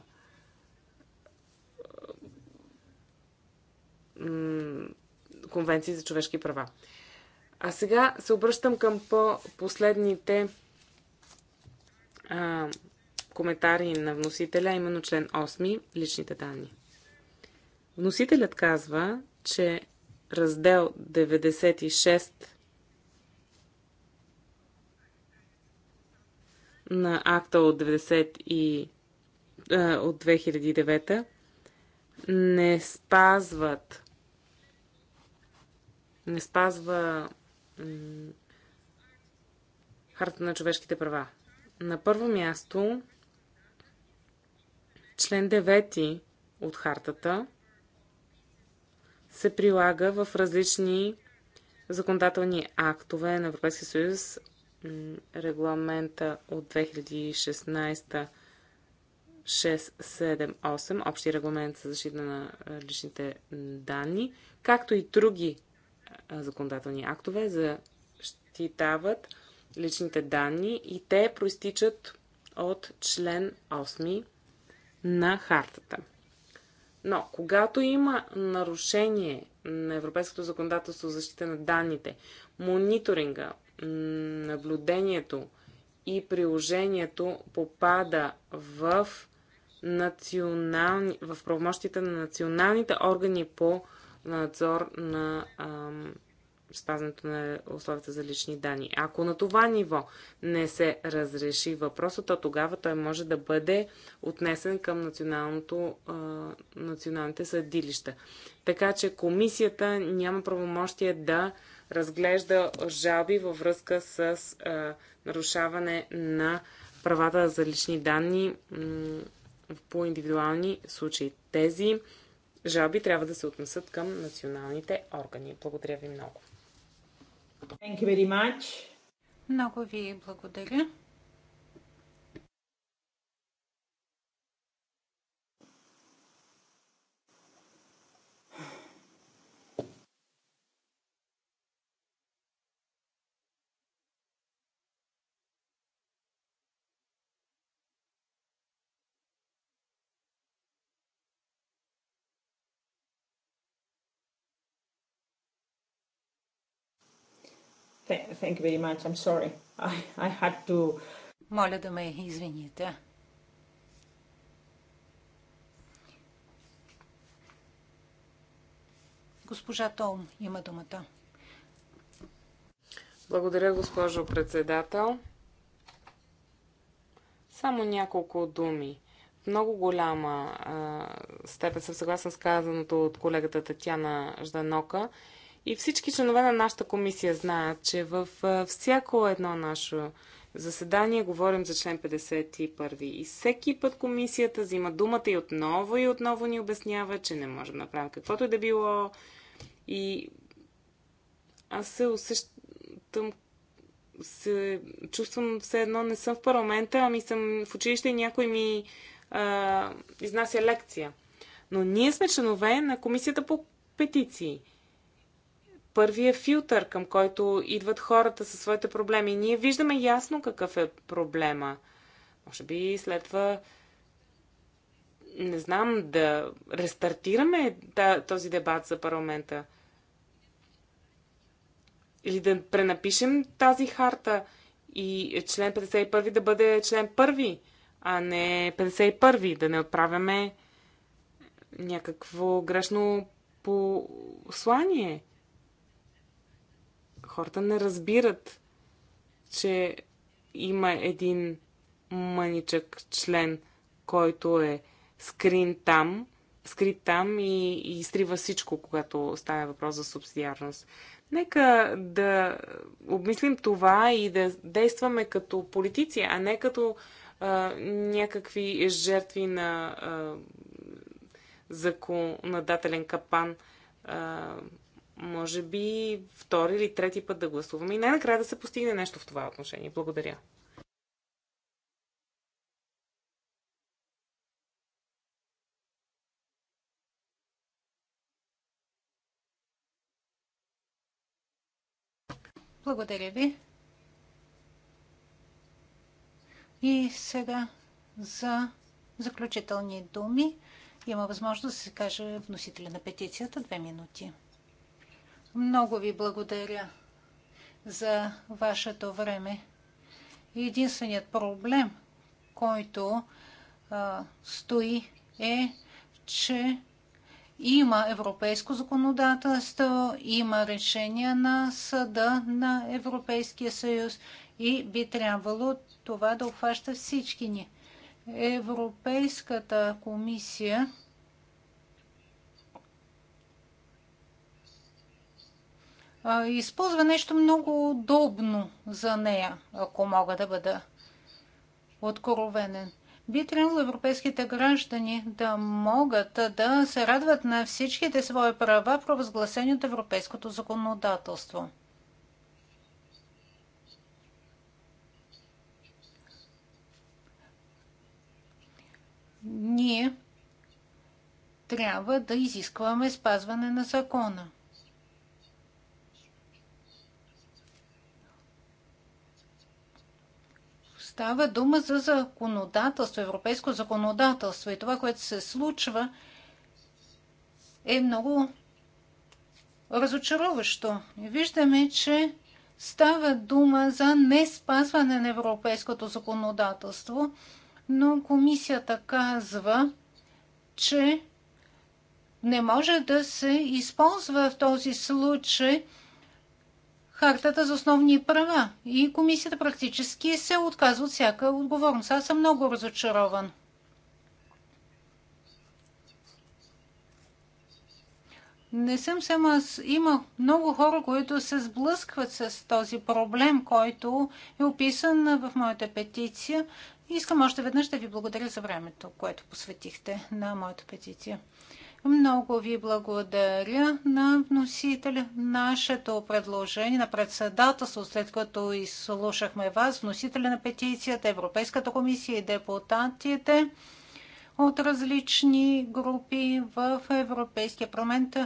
конвенции за човешки права. А сега се обръщам към по-последните коментари на вносителя, именно член 8, личните данни. Вносителят казва, че раздел 96 на акта от, 90 и, е, от 2009 не спазват не спазва Харта на човешките права. На първо място, член 9 от Хартата се прилага в различни законодателни актове на Европейския съюз, регламента от 2016 678, общи регламент за защита на личните данни, както и други законодателни актове защитават личните данни и те проистичат от член 8 на хартата. Но когато има нарушение на европейското законодателство за защита на данните, мониторинга, наблюдението и приложението попада в, национални, в правомощите на националните органи по надзор на ам, спазването на условията за лични данни. Ако на това ниво не се разреши въпросът, то тогава той може да бъде отнесен към националното, а, националните съдилища. Така че комисията няма правомощие да разглежда жалби във връзка с а, нарушаване на правата за лични данни по индивидуални случаи. Тези жалби трябва да се отнесат към националните органи. Благодаря ви много.
Много ви благодаря.
Thank you very much. I'm sorry. I, I had to... Моля
да ме извините. Госпожа Толм има думата.
Благодаря, госпожо председател. Само няколко думи. В много голяма а, степен съм съгласна с казаното от колегата Татьяна Жданока и всички членове на нашата комисия знаят, че в всяко едно наше заседание говорим за член 51. И всеки път комисията взима думата и отново и отново ни обяснява, че не можем да направим каквото и да било. И аз се усещам, се чувствам все едно не съм в парламента, ами съм в училище и някой ми а, изнася лекция. Но ние сме членове на комисията по петиции първия филтър, към който идват хората със своите проблеми. Ние виждаме ясно какъв е проблема. Може би следва, не знам, да рестартираме този дебат за парламента. Или да пренапишем тази харта и член 51 да бъде член 1, а не 51, да не отправяме някакво грешно послание. Хората не разбират, че има един мъничък член, който е скрин там, скрит там и, и изтрива всичко, когато става въпрос за субсидиарност. Нека да обмислим това и да действаме като политици, а не като а, някакви жертви на а, законодателен капан. А, може би, втори или трети път да гласуваме и най-накрая да се постигне нещо в това отношение. Благодаря.
Благодаря ви. И сега за заключителни думи има възможност да се каже вносителя на петицията две минути. Много ви благодаря за вашето време. Единственият проблем, който а, стои е, че има европейско законодателство, има решение на съда на Европейския съюз и би трябвало това да обхваща всички ни. Европейската комисия използва нещо много удобно за нея, ако мога да бъда откровенен. Би трябвало европейските граждани да могат да се радват на всичките свои права, провъзгласени от европейското законодателство. Ние трябва да изискваме спазване на закона. Става дума за законодателство, европейско законодателство. И това, което се случва, е много разочароващо. Виждаме, че става дума за не спазване на европейското законодателство, но комисията казва, че не може да се използва в този случай – хартата за основни права и комисията практически се отказва от всяка отговорност. Аз съм много разочарован. Не съм само. Аз има много хора, които се сблъскват с този проблем, който е описан в моята петиция. Искам още веднъж да ви благодаря за времето, което посветихте на моята петиция. Много ви благодаря на вносителя. Нашето предложение на председателство, след като изслушахме вас, вносителя на петицията, Европейската комисия и депутатите от различни групи в Европейския парламент,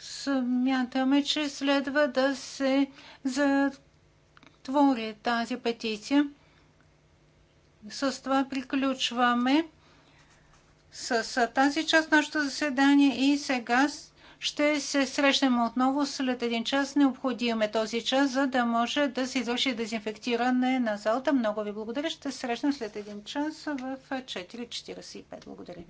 смятаме, че следва да се затвори тази петиция. С това приключваме с тази част нашето заседание и сега ще се срещнем отново след един час. Необходим е този час, за да може да се извърши дезинфектиране на залата. Много ви благодаря. Ще се срещнем след един час в 4.45. Благодаря ви.